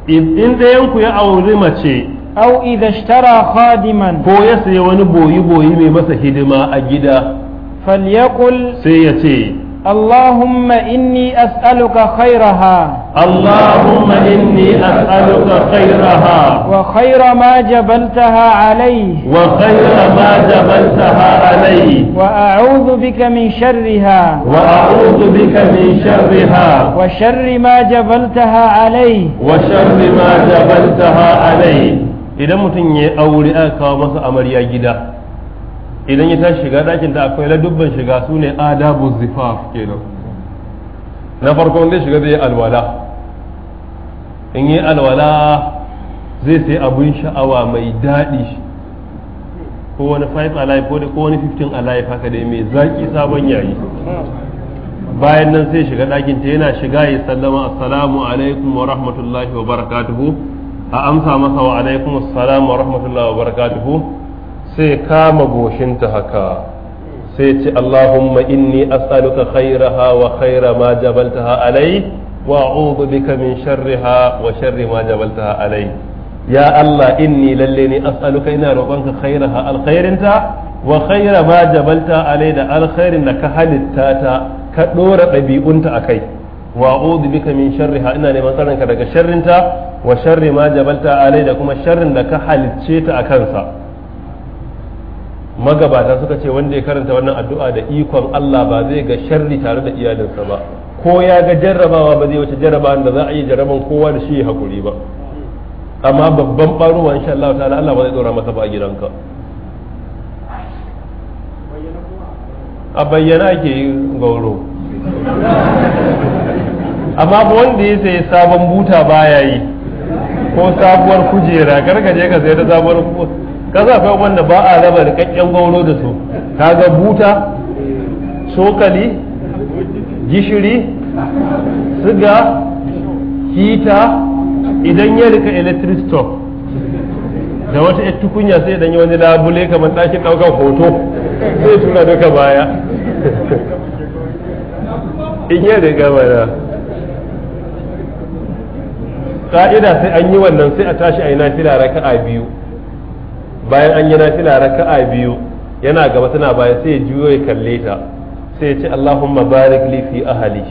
in da yanku ya auri mace aw idza ishtara khadiman ko ya sayi wani boyi boyi mai masa hidima a gida falyakul sai ya ce اللهم إني أسألك خيرها اللهم إني أسألك خيرها وخير ما جبلتها عليه وخير ما جبلتها عليه وأعوذ بك من شرها وأعوذ بك من شرها وشر ما جبلتها عليه وشر ما جبلتها عليه إذا متن أولئك ومسأمر يا جدا idan ya tashi shiga ɗakin ta akwai ladubban shiga su ne adabu zifaf kenan na farko wanda shiga zai yi alwala in yi alwala zai sai abun sha'awa mai daɗi ko wani 5 alive ko wani 15 alive haka dai mai zaƙi sabon yayi bayan nan sai shiga ɗakin ta yana shiga ya sallama assalamu alaikum wa rahmatullahi wa barakatuhu a amsa masa wa alaikum assalamu wa rahmatullahi wa barakatuhu sai kama goshinta haka sai ce Allahumma inni as'aluka khairaha wa khaira ma jabaltaha alai wa a'udhu bika min sharriha wa sharri ma jabaltaha alai ya Allah inni lalle ni as'aluka ina roƙonka khairaha alkhairinta wa khaira ma jabalta alai da alkhairin da ka halitta ta ka dora ɗabi'unta akai wa a'udhu bika min sharriha ina neman tsaronka daga sharrinta wa sharri ma jabalta alai da kuma sharrin da ka halicce ta akansa magabata suka ce wanda ya karanta wannan addu'a da ikon Allah ba zai ga sharri tare da iyalinsa ba ko ya ga jarrabawa ba zai wuce jarraba da za a yi jarraban kowa da shi hakuri ba amma babban baruwa insha Allah ta'ala Allah ba zai dora maka ba a gidanka a bayyana ke yi gauro amma ba wanda ya sai sabon buta baya yi ko sabuwar kujera gargaje ka sai da sabuwar kujera Ka za akwai wanda ba a raba rikakken gauro da su kaga buta cokali, gishiri siga hita idan ya rika electric stove da wata yar tukunya sai idan yi wani labule kamar ɗakin ɗaukar hoto sai tura duka baya in ya riga mana ka'ida sai an yi wannan sai a tashi a yi nafila a biyu bayan an yi nafila raka'a biyu yana gaba tana bayan sai ya juyo ya kalle ta sai ya ce Allahumma barik li fi ahli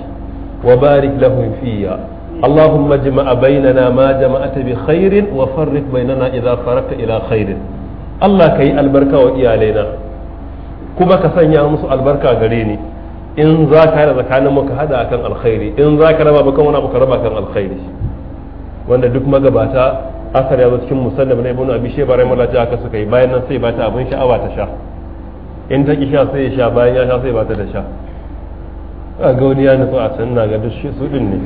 wa barik lahum fiya Allahumma jama'a bainana ma ta bi khairin wa farriq bainana idza farakta ila khairin Allah yi albarka wa iyalaina kuma ka sanya musu albarka gare ni in za ka yi tsakanin mu ka hada kan alkhairi in za ka raba ba kan wani abu kan alkhairi wanda duk magabata asar ya zo cikin musannab na ibnu abi shayba rahimahullah aka suka yi bayan nan sai bata abin sha'awa ta sha in ta ki sha sai ya sha bayan ya sha sai bata da sha a ga wani ya nufi a can na ga duk shi su din ne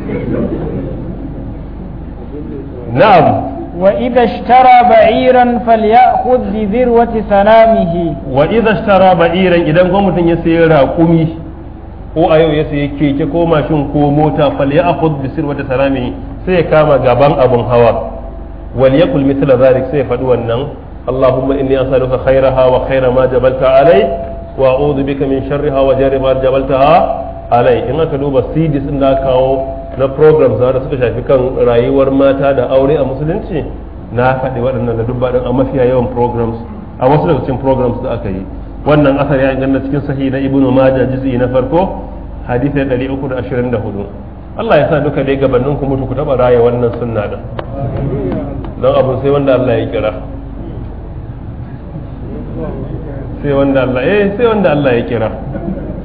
na'am wa اشترى ishtara ba'iran falyakhudh bi وإذا sanamihi wa إذا ishtara ba'iran idan ko a yau ya sayi keke ko mashin ko mota falyakhudh bi sirwati sanamihi sai ya kama gaban abun hawa wal yaqul mithla zalik sai faɗi wannan allahumma inni as'aluka khairaha wa khaira ma jabalta alai wa a'udhu bika min sharriha wa jarri ma jabaltaha alai in aka duba cds in da kawo na programs da suka shafi kan rayuwar mata da aure a musulunci na faɗi waɗannan da dubba a mafiya yawan programs a wasu daga cikin programs da aka yi wannan asar ya inganta cikin sahi na ibnu majah juz'i na farko hadisi 324 Allah ya sa duka dai gabanin ku mutu ku taba raya wannan sunna din don abu sai wanda Allah ya kira sai wanda Allah eh sai wanda Allah ya kira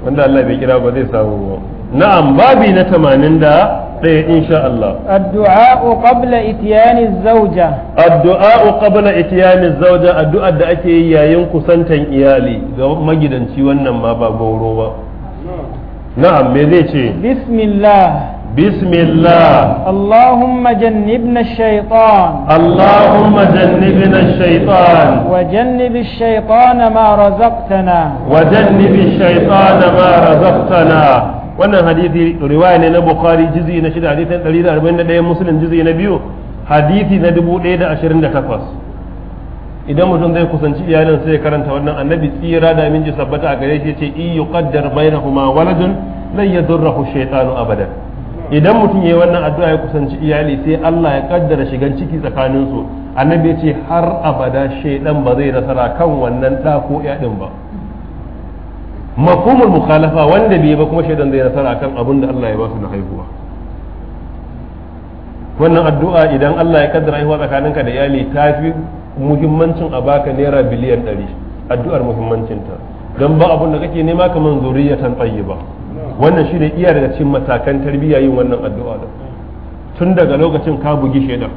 wanda Allah bai kira ba zai samu ba na'am babi na 80 da ɗaya insha Allah addu'a qabla ityani zawja addu'a qabla ityani zawja addu'a da ake yi yayin kusantan iyali ga magidanci wannan ma ba gauro ba na'am me zai ce bismillah بسم الله اللهم جنبنا الشيطان اللهم جنبنا الشيطان وجنب الشيطان ما رزقتنا وجنب الشيطان ما رزقتنا wannan hadithi riwaya ne na bukhari jizi na shida hadithi na ɗari da arba'in da ɗaya, musulun jizi na biyu hadithi na dubu ɗaya da da ashirin takwas. idan mutum zai kusanci iyalin sai ya karanta wannan annabi tsira da minji sabbata a gare shi yace in yuqaddar kuma waladun lan yadurruhu shaitanu abadan idan mutum ya yi wannan addu'a ya kusanci iyali sai Allah ya kaddara shigan ciki tsakanin su annabi ya ce har abada shaidan ba zai nasara kan wannan da ko yadin ba mafhumul mukhalafa wanda bai ba kuma shaidan zai nasara kan abin da Allah ya ba su na haihuwa wannan addu'a idan Allah ya kaddara haihuwa tsakaninka da iyali ta fi muhimmancin a baka naira biliyan ɗari addu'ar muhimmancinta don ba abun da kake nema kaman zuriyatan tayyiba ba wannan shi ne iya daga cikin matakan tarbiyya yin wannan addu'a da tun daga lokacin ka bugi shaidar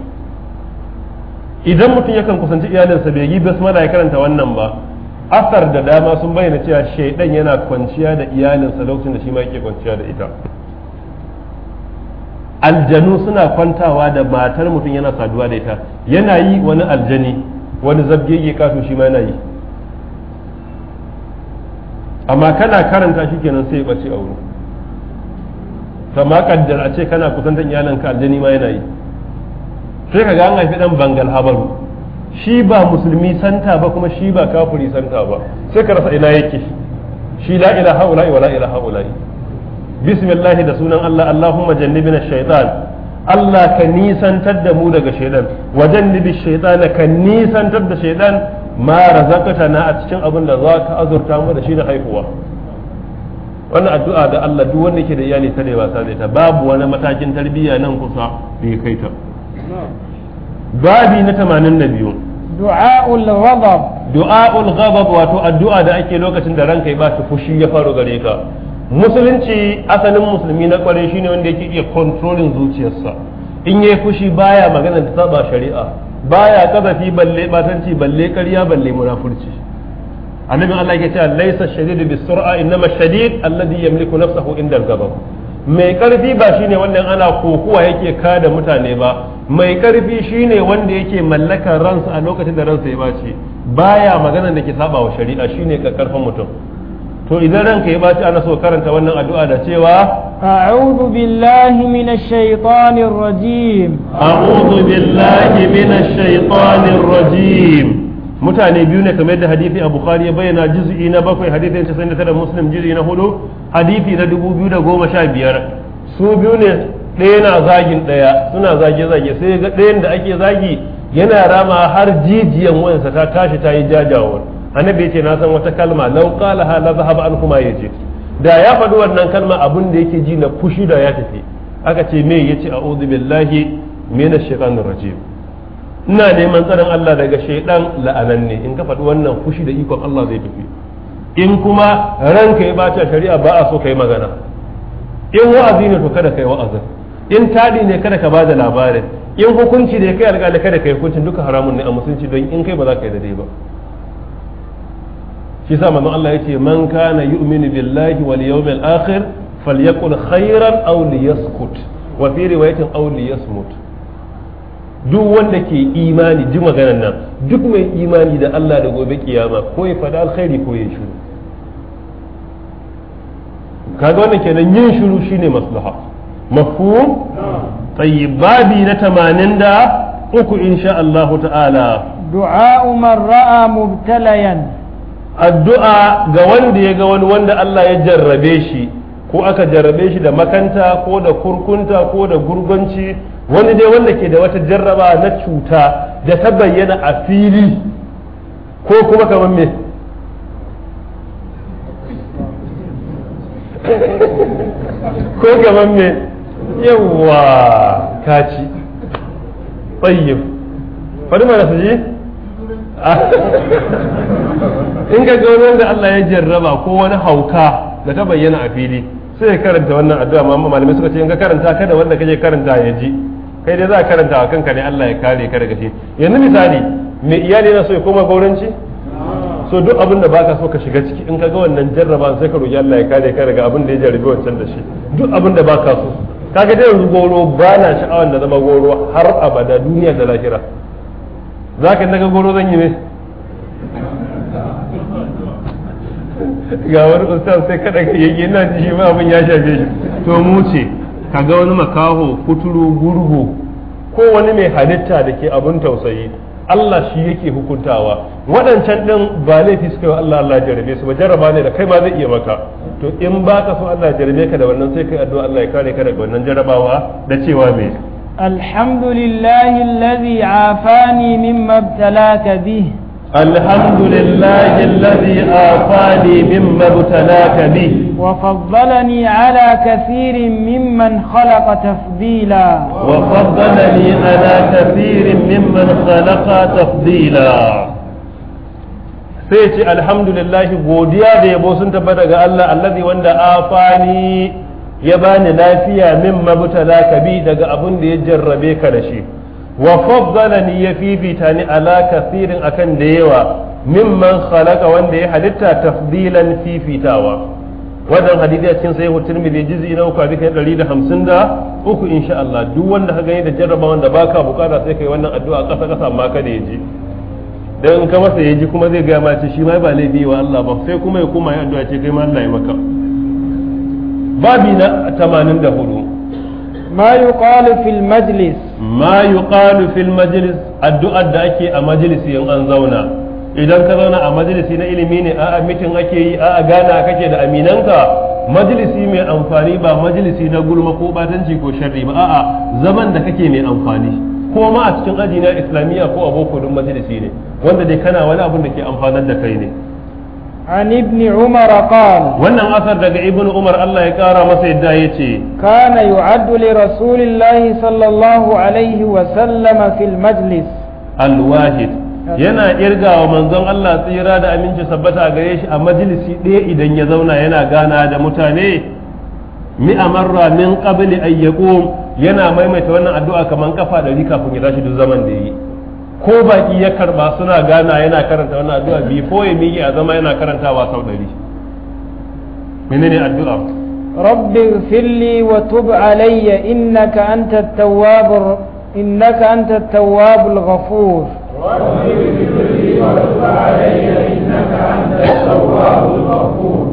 idan mutum yakan kusanci iyalinsa bai yi basmala ya karanta wannan ba asar da dama sun bayyana cewa shaidan yana kwanciya da iyalinsa lokacin da shi ma yake kwanciya da ita aljanu suna kwantawa da matar mutum yana saduwa da ita yana yi wani aljani wani zabgege kasu shi ma yana yi amma kana karanta shi kenan sai ya bace a wurin kama ma kaddar a ce kana kusantar iyalinka aljani ma yana yi sai ka ga an haifi dan bangal habaru shi ba musulmi santa ba kuma shi ba kafiri santa ba sai ka rasa ina yake shi la ilaha ula'i wa la ilaha ula'i bismillah da sunan Allah Allahumma jannibina shaytan Allah ka nisantar da mu daga shaytan wa jannibish shaytan ka nisantar da shaytan ma razaqtana a cikin abin da zaka azurta mu da shi da haihuwa wannan addu'a da Allah duk wanda yake da iyali kada ya wasa da ta babu wani matakin tarbiyya nan kusa da ya kai ta babi na 82 du'aul ghadab du'aul ghadab wato addu'a da ake lokacin da ranka ya ba ta fushi ya faru gare ka musulunci asalin musulmi na kware shine wanda yake iya controlling zuciyarsa in yayi fushi baya magana ta saba shari'a baya kazafi balle batanci balle ƙarya balle munafurci annabin Allah yake cewa laysa shadidu bis sur'a innama shadid alladhi yamliku nafsahu inda al-ghadab mai karfi ba shine wannan ana kokuwa yake kada mutane ba mai karfi shine wanda yake mallakar ransa a lokacin da ransa ya bace baya magana da ke saba wa shari'a shine karfin mutum to idan ranka ya bace ana so karanta wannan addu'a da cewa أعوذ بالله من الشيطان الرجيم أعوذ بالله من mutane biyu ne kamar yadda hadisi a bukhari ya bayyana juz'i na bakwai hadisin sai da muslim juz'i na hudu hadisi na dubu biyu da goma sha biyar su biyu ne ɗaya na zagin ɗaya suna zage zage sai ga ɗayan da ake zagi yana rama har jijiyan wayansa ta tashi ta yi jajawar annabi ce na san wata kalma law qala ha la zahaba an kuma yace da ya faɗi wannan kalma abin da yake ji na fushi da ya tafi aka ce me yace a'udhu billahi minash shaitanir rajim ina neman tsarin Allah daga shaidan la'ananne in ka faɗi wannan fushi da ikon Allah zai tafi in kuma ranka ya bata shari'a ba a so kai magana in wa'azi ne to kada kai wa'azin in tadi ne kada ka ba da labarin in hukunci ne kai alƙali kada kai hukuncin duka haramun ne a musulunci don in kai ba za ka yi daidai ba shi sa manzon Allah ce man kana yu'minu billahi wal yawmil akhir falyakul khairan aw liyaskut wa fi riwayatin aw liyasmut duk wanda ke imani ji maganar nan duk mai imani da Allah da gobe kiyama ko ya faɗa alkhairi ko ya shiru kaga wannan kenan yin shiru shine maslaha mafhum tayyib babi na 83 insha Allah ta'ala du'a man ra'a mubtalayan addu'a ga wanda ya ga wani wanda Allah ya jarrabe shi ko aka jarrabe shi da makanta ko da kurkunta ko da gurganci wani dai wanda ke da wata jarraba na cuta da ta bayyana a fili ko kuma kamar me ko kamar me yawa kaci tsayyib faɗi mana su ji in ka ga wanda Allah ya jarraba ko wani hauka da ta bayyana a fili sai ya karanta wannan addu'a amma malamai suka ce in ka karanta kada wanda kake karanta ya ji kai dai za ka karanta wa kanka ne Allah ya kare ka daga shi yanzu misali me iyali na so ya koma gauranci so duk abin da baka so ka shiga ciki in ka ga wannan jarraba sai ka roki Allah ya kare ka daga abin da ya jarabi wancan da shi duk abin da baka so kaga dai yanzu goro ba na sha'awar da zama goro har abada duniya da lahira zaka naga goro zan yi ne ga wani ustaz sai kada ka yayye yana ji shi ma abin ya shafe shi to mu ce kaga wani makaho kuturu gurgu ko wani mai halitta da ke abin tausayi Allah shi yake hukuntawa waɗancan ɗin ba laifi suka yi Allah Allah jarabe su ba jaraba ne da kai ba zai iya maka to in ba ka so Allah jarabe ka da wannan sai kai addu'a Allah ya kare ka daga wannan jarabawa da cewa me alhamdulillahi alladhi afani mimma ibtalaka bihi الحمد لله الذي آفاني مما ابتلاك به وفضلني على كثير ممن خلق تفضيلا وفضلني على كثير ممن خلق تفضيلا sai ce alhamdulillahi godiya da yabo sun tabbata daga Allah allazi wanda afani ya bani lafiya min mabtala kabi daga abin da ya jarrabe ka da shi wa faddala ni ya fifita ni ala kasirin akan da yawa mimman khalaqa wanda ya halitta tafdilan fifitawa wannan hadisi a cikin sahihu tirmidhi juz'i na uku hadisi uku insha Allah duk wanda ka gani da jarraba wanda baka bukata sai kai wannan addu'a kasa kasa amma kada ya ji dan ka masa ya ji kuma zai ga ma ce shi ma ba laifi wa Allah ba sai kuma ya kuma ya addu'a ce kai ma Allah ya maka babi na 84 ma yuqalu fil majlis ma fil majlis addu'ar da ake a majalisi in an zauna idan ka zauna a majalisi na ilimi ne a'a mitin ake yi a'a gana kake da aminanka majalisi mai amfani ba majalisi na gulma ko batanci ko sharri ba a'a zaman da kake mai amfani ko ma a cikin aji na islamiyya ko a boko duk majalisi ne wanda dai kana wani abun da ke amfanar da kai ne عن ابن عمر قال وانا اثر دقى ابن عمر الله يكارى مسجد يتي كان يعد لرسول الله صلى الله عليه وسلم في المجلس الواحد yana irga wa manzon Allah tsira da aminci sabbata gare shi a majalisi ɗaya idan ya zauna yana gana da mutane mi ramin min qabli yana maimaita wannan addu'a kaman kafa ɗari kafin ya tashi duk zaman da yi ko baki ya karba suna gana yana karanta wannan addu'a ko ya miƙe a zama yana karantawa sau ɗari menene addu'a rabbi filli wa tub alayya innaka anta tawwabur innaka anta tawwabul ghafur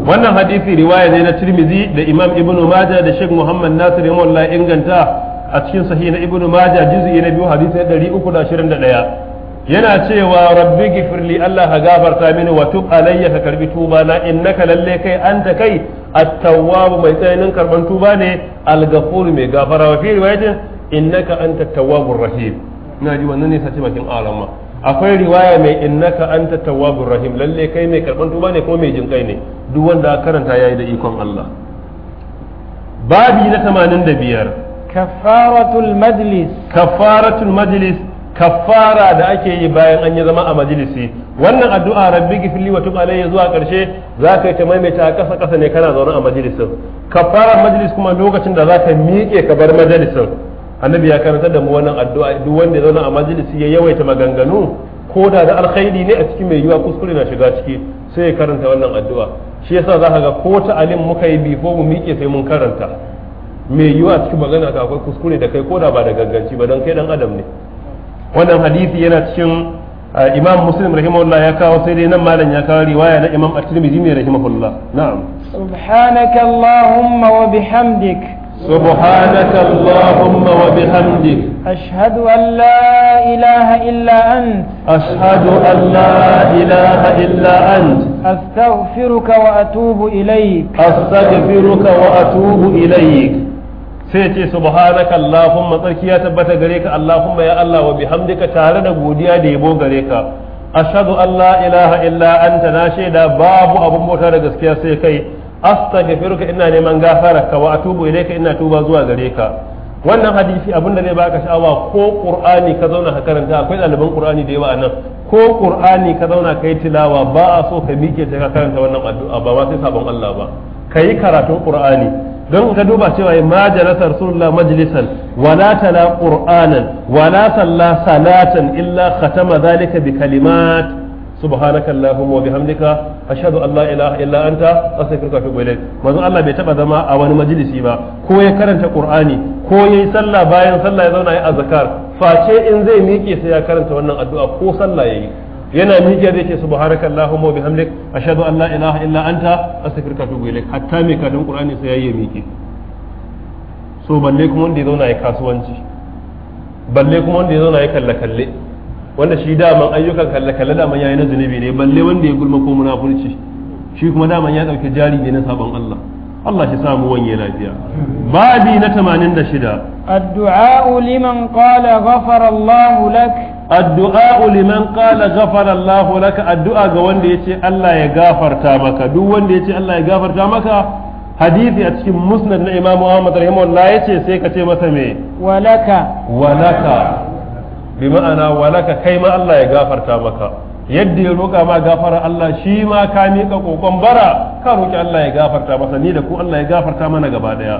wannan hadisi riwaya ne na Tirmidhi da Imam Ibn Majah da Sheikh Muhammad Nasir wallahi inganta a cikin sahihi na ibnu majah juz'i na biyu hadisi 321 yana cewa rabbi gifirli Allah ka gafarta mini wa tub alayya ka karbi tuba na innaka lalle kai anta kai at-tawwab mai tsayinin karban tuba ne al-ghafur mai gafara wa fi riwayatin innaka anta at-tawwabur rahim ina ji wannan ne sace bakin alama akwai riwaya mai innaka anta tawwabur rahim lalle kai mai karban tuba ne ko mai jinkai ne duk wanda karanta yayi da ikon Allah babi na 85 kafaratul majlis kafaratul majlis kafara da ake yi bayan an yi zama a majalisi wannan addu'a rabbi gifili wa tub alayya zuwa karshe za ka yi ta maimaita a kasa ƙasa ne kana zauna a majalisin kafara majalis kuma lokacin da za ka miƙe ka bar majalisin annabi ya karanta da mu wannan addu'a duk wanda ya zauna a majalisi ya yawaita maganganu ko da da alkhairi ne a cikin mai yiwa kuskure na shiga ciki sai ya karanta wannan addu'a shi yasa za ka ga ko ta alim muka yi bifo mu miƙe sai mun karanta mai yiwa cikin magana ka akwai kuskure da kai koda ba da ganganci ba don kai dan adam ne wannan hadisi yana cikin imam muslim rahimahullah ya kawo sai dai nan malam ya kawo riwaya na imam at-tirmidhi ne rahimahullah na'am subhanaka allahumma wa bihamdik سبحانك اللهم وبحمدك أشهد أن لا إله إلا أنت أشهد أن لا إله إلا أنت أستغفرك وأتوب إليك أستغفرك وأتوب إليك sai ce subhanaka allahumma tsarki ya tabbata gare ka allahumma ya allah wa bi bihamdika tare da godiya da yabo gare ka ashhadu an la ilaha illa anta na shaida babu abun bauta da gaskiya sai kai astaghfiruka ina neman gafararka wa atubu ilayka ina tuba zuwa gare ka wannan hadisi abin da zai baka sha'awa ko qur'ani ka zauna ka karanta akwai ɗaliban ƙur'ani da yawa a nan ko ƙur'ani ka zauna kai tilawa ba a so ka miƙe ka karanta wannan addu'a ba ma sai sabon Allah ba kai karatun qur'ani don ka duba cewa ma jalasa rasulullah majlisan wala tala qur'anan wala salla salatan illa khatama zalika bi kalimat subhanaka allahumma wa bihamdika ashhadu an la ilaha illa anta astaghfiruka wa atubu ilayk manzo Allah bai taba zama a wani majalisi ba ko ya karanta qur'ani ko yayi sallah bayan sallah ya zauna ya azkar face in zai miƙe sai ya karanta wannan addu'a ko sallah yayi yana miƙe da yake subhanaka allahumma bihamdik ashhadu an la ilaha illa anta astaghfiruka wa atubu ilaik hatta mai kadin qur'ani sai yayi miki so balle kuma wanda ya zauna ya kasuwanci balle kuma wanda ya zauna ya kalle kalle wanda shi daman ayyukan kalle kalle daman yayi na zunubi ne balle wanda ya gulma ko munafurci shi kuma daman ya dauke jari ne na sabon Allah Allah shi samu wanye lafiya babi na 86 addu'a liman qala ghafara Allah lak addu'a liman qala ghafara Allah lak addu'a ga wanda yace Allah ya gafarta maka duk wanda yace Allah ya gafarta maka hadisi a cikin musnad na Imam Ahmad rahimahullah yace sai kace ce masa me walaka walaka bi ma'ana walaka kai ma Allah ya gafarta maka yadda ya roƙa ma gafara Allah shi ma ka miƙa kokon bara ka roƙi Allah ya gafarta masa ni da ku Allah ya gafarta mana gaba ɗaya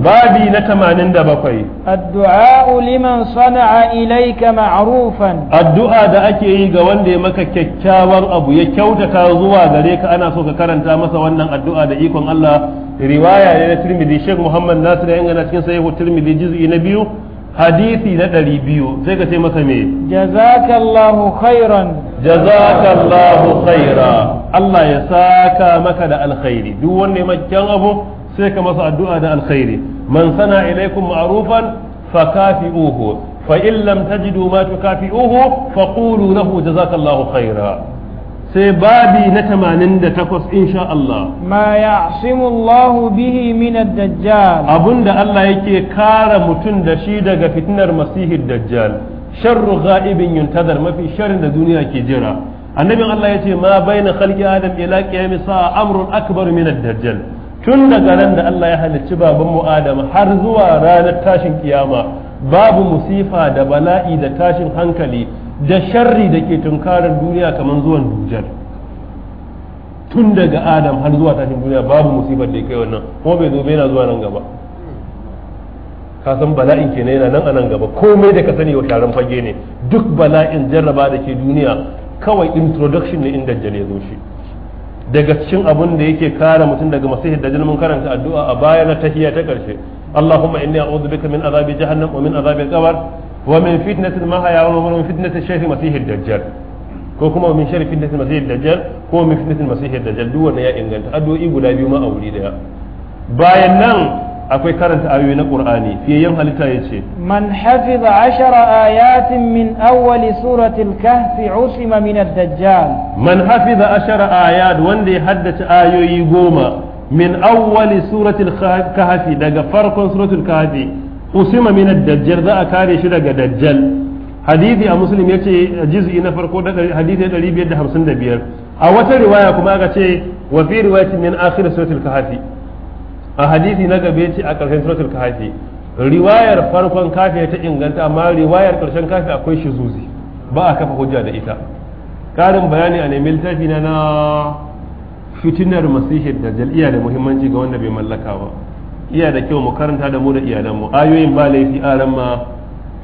babi na bakwai. addu'a liman sana'a ilaika ma'rufan addu'a da ake yi ga wanda ya maka kyakkyawan abu ya kyautata zuwa gare ka ana so ka karanta masa wannan addu'a da ikon Allah riwaya ne na Tirmidhi Sheikh Muhammad Nasir ya ingana cikin sahihu Tirmidhi juz'i na biyu hadisi na ɗari biyu sai ka ce masa me jazakallahu khairan jazakallahu khaira Allah ya saka maka da alkhairi duk wanne ya abu sai ka masa addu'a da alkhairi man sana ilaikum ma'rufan fakafi'uhu fa in lam tajidu ma tukafi'uhu faqulu lahu jazakallahu khaira sai babi na 88 insha Allah ma ya'simullahu bihi min ad-dajjal abunda Allah yake kare mutum da shi daga fitnar masihid dajjal sharru ghaibin yuntazar mafi sharrin da duniya ke jira annabi Allah yace ma baina khalqi adam ila qiyam sa'a amrun akbar min ad-dajjal tun daga nan da Allah ya halicci baban mu Adam har zuwa ranar tashin kiyama babu musifa da bala'i da tashin hankali da sharri da ke tunkarar duniya kamar zuwan dujjal tun daga Adam har zuwa tashin duniya babu musifar da ya kai wannan ko bai zo bai na zuwa nan gaba ka san bala'in kenan yana nan a nan gaba komai da ka sani wa sharan fage ne duk bala'in jarraba da ke duniya kawai introduction ne inda jale zo shi daga cikin abun da yake kare mutum daga masihid da mun karanta addu'a a baya na tahiyya ta karshe Allahumma inni a'udhu bika min azabi jahannam wa min azabi al-qabr wa min fitnatil mahya wa min fitnatil shaykh masihid dajjal ko kuma min sharri fitnatil masihid dajjal ko min fitnatil masihid dajjal duk ya inganta addu'i guda biyu ma a wuri daya bayan nan akwai karanta ayoyi na qur'ani fiyayyen halitta ya ce. man hafiza ashara ayatin min awwali surati al-kahf usima min ad-dajjal man hafiza ashara ayat wanda ya haddace ayoyi goma min awwali surati al-kahf daga farkon surati al-kahf usima min ad-dajjal za a kare shi daga dajjal hadithi a muslim yace juz'i na farko da hadisi 555 a wata riwaya kuma aka ce wa fi riwayatin min akhir surati al-kahf a hadisi na gabe ce a ƙarshen suratul kafi riwayar farkon kafi ta inganta amma riwayar ƙarshen kafi akwai shi zuzi ba a kafa hujja da ita ƙarin bayani a nemi littafi na na fitinar masihi da jal'iya da muhimmanci ga wanda bai mallaka ba iya da kyau mu karanta da mu da iyalanmu ayoyin ba laifi aran ma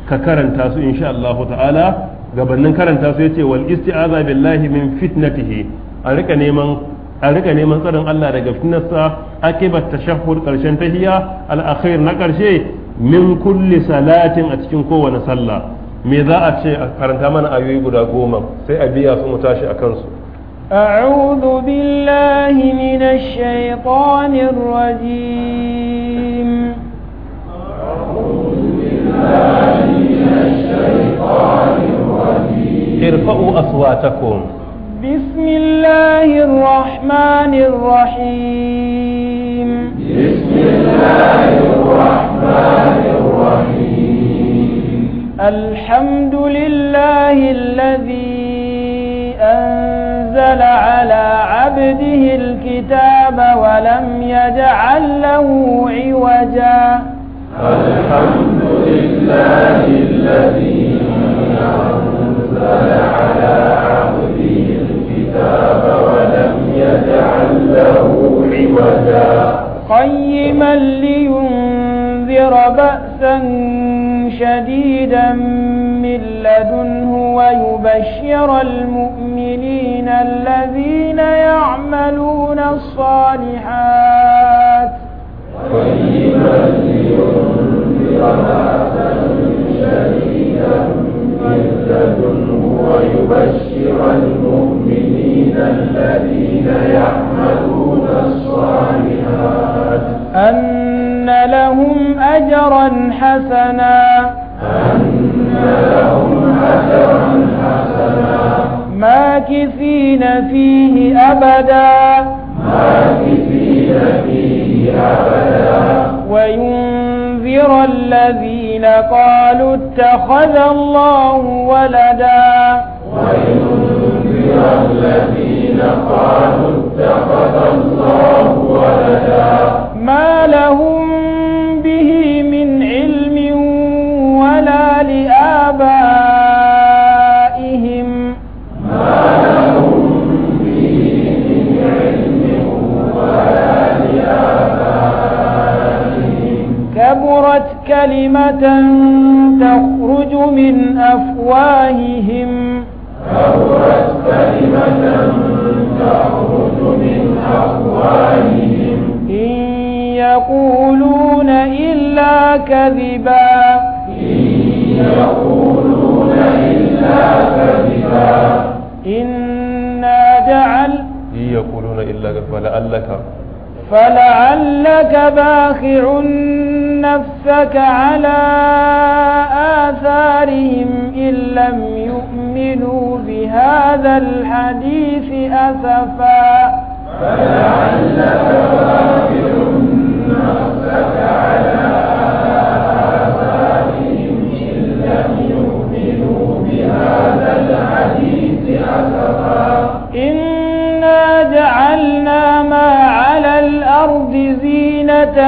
ka karanta su insha Allah ta'ala gabanin karanta su ya ce wal isti'aza billahi min fitnatihi a rika neman a rika neman tsarin Allah daga fitinarsa akibat tashahhud karshen tahiyya al-akhir na karshe min kulli salatin a cikin kowane sallah me za a ce a karanta mana ayoyi guda goma sai a biya su mu tashi a kansu أعوذ بالله من الشيطان الرجيم أعوذ بالله من الشيطان الرجيم ارفعوا أصواتكم بسم الله الرحمن الرحيم بسم الله الرحمن الرحيم الحمد لله الذي أنزل على عبده الكتاب ولم يجعل له عوجا الحمد لله الذي أنزل على عبده الكتاب ولم يجعل له عوجا قيما لينذر بأسا شديدا من لدنه ويبشر المؤمنين الذين يعملون الصالحات قيما لينذر بأسا شديدا ويبشر المؤمنين الذين يعملون الصالحات أن لهم أجرا حسنا أن لهم أجرا حسنا ماكثين فيه أبدا ماكثين فيه أبدا وينفقون لينذر الذين قالوا اتخذ الله ولدا وينذر الذين قالوا اتخذ الله ولدا ما لهم به من علم ولا لآبائهم كلمة تخرج من أفواههم كلمة تخرج من أفواههم إن يقولون إلا كذبا إن يقولون إلا كذبا إنا جعل إن يقولون إلا كذبا لعلك فلعلك باخع نفسك على آثارهم إن لم يؤمنوا بهذا الحديث أسفا فلعلك باخع نفسك على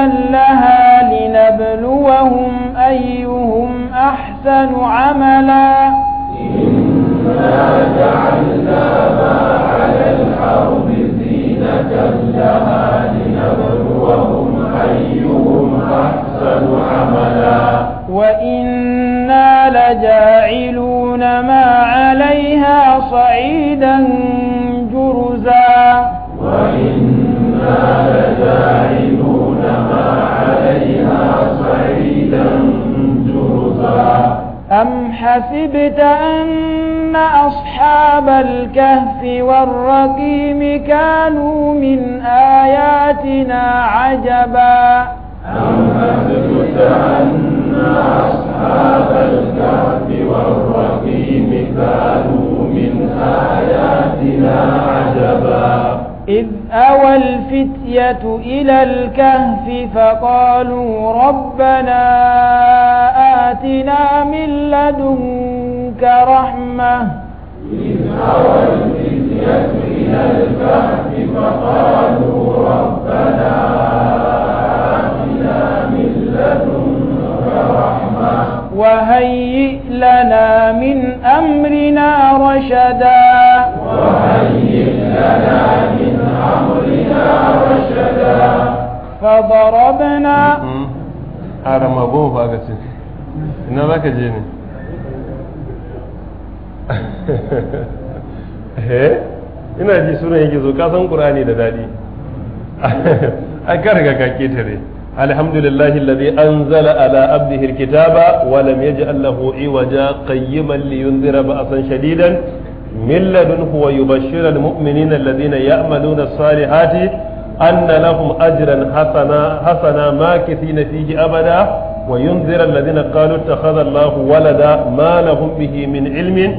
لها لنبلوهم أيهم أحسن عملا إنا جعلنا ما على الأرض زينة لها لنبلوهم أيهم أحسن عملا وإنا لجاعلون ما عليها صعيدا أم حسبت أن أصحاب الكهف والرقيم كانوا من آياتنا عجبا أم حسبت أن أصحاب الكهف والرقيم كانوا من آياتنا عجبا إذ أوى الفتية إلى الكهف فقالوا ربنا آتنا من لدنك رحمة إذ أوى الفتية إلى الكهف فقالوا ربنا آتنا من لدنك رحمة وهيئ لنا من أمرنا رشدا وهيئ لنا من أمرنا رشدا فضربنا هذا أرمبوه أغسل ina za ka je ne eh? ina ji sunan yake zo kasan ƙur'ani da daɗi a ka ka ketare alhamdulillahi alladhi anzala ala abdihi alkitaba wa lam yaj'al lahu iwaja qayyiman liyunzira ba'san shadidan min ladunhu wa yubashshira almu'minina alladhina ya'maluna as-salihati anna lahum ajran hasana hasana makithina fihi abada وينذر الذين قالوا اتخذ الله ولدا ما لهم به من علم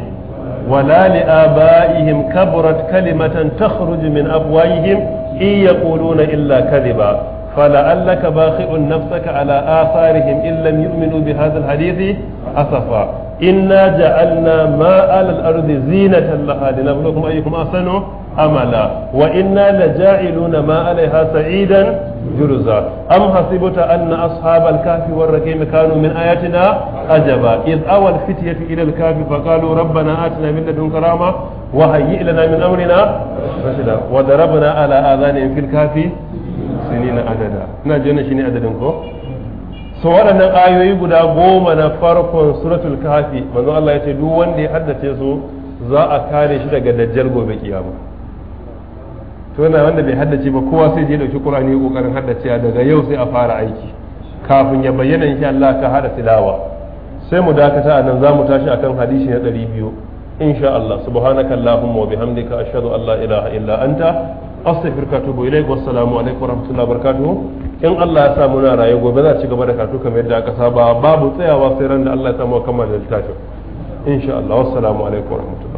ولا لآبائهم كبرت كلمة تخرج من أفواههم إن يقولون إلا كذبا فلعلك باخع نفسك على آثارهم إن لم يؤمنوا بهذا الحديث أسفا إنا جعلنا ما على الأرض زينة لها لنبلوكم أيكم أحسن amala wa inna laja'iluna ma alaiha sa'idan jurza am hasibta anna ashabal kafi ajaba id so waɗannan ayoyi guda goma na farkon suratul kafi manzo Allah ya ce duk wanda ya haddace su za a kare shi daga dajjal gobe kiyama to wanda bai haddace ba kowa sai je dauki qur'ani ya kokarin haddacewa daga yau sai a fara aiki kafin ya bayyana insha Allah ka hada tilawa sai mu dakata a nan za mu tashi akan hadisi na 200 insha Allah subhanaka allahumma wa bihamdika ashhadu an la ilaha illa anta astaghfiruka wa atubu ilaik wassalamu alaikum wa rahmatullahi wa barakatuh in Allah ya sa muna raye gobe za ci gaba da karatu kamar yadda aka saba babu tsayawa sai ran da Allah ya samu kamar da littafin insha Allah wassalamu alaikum wa rahmatullahi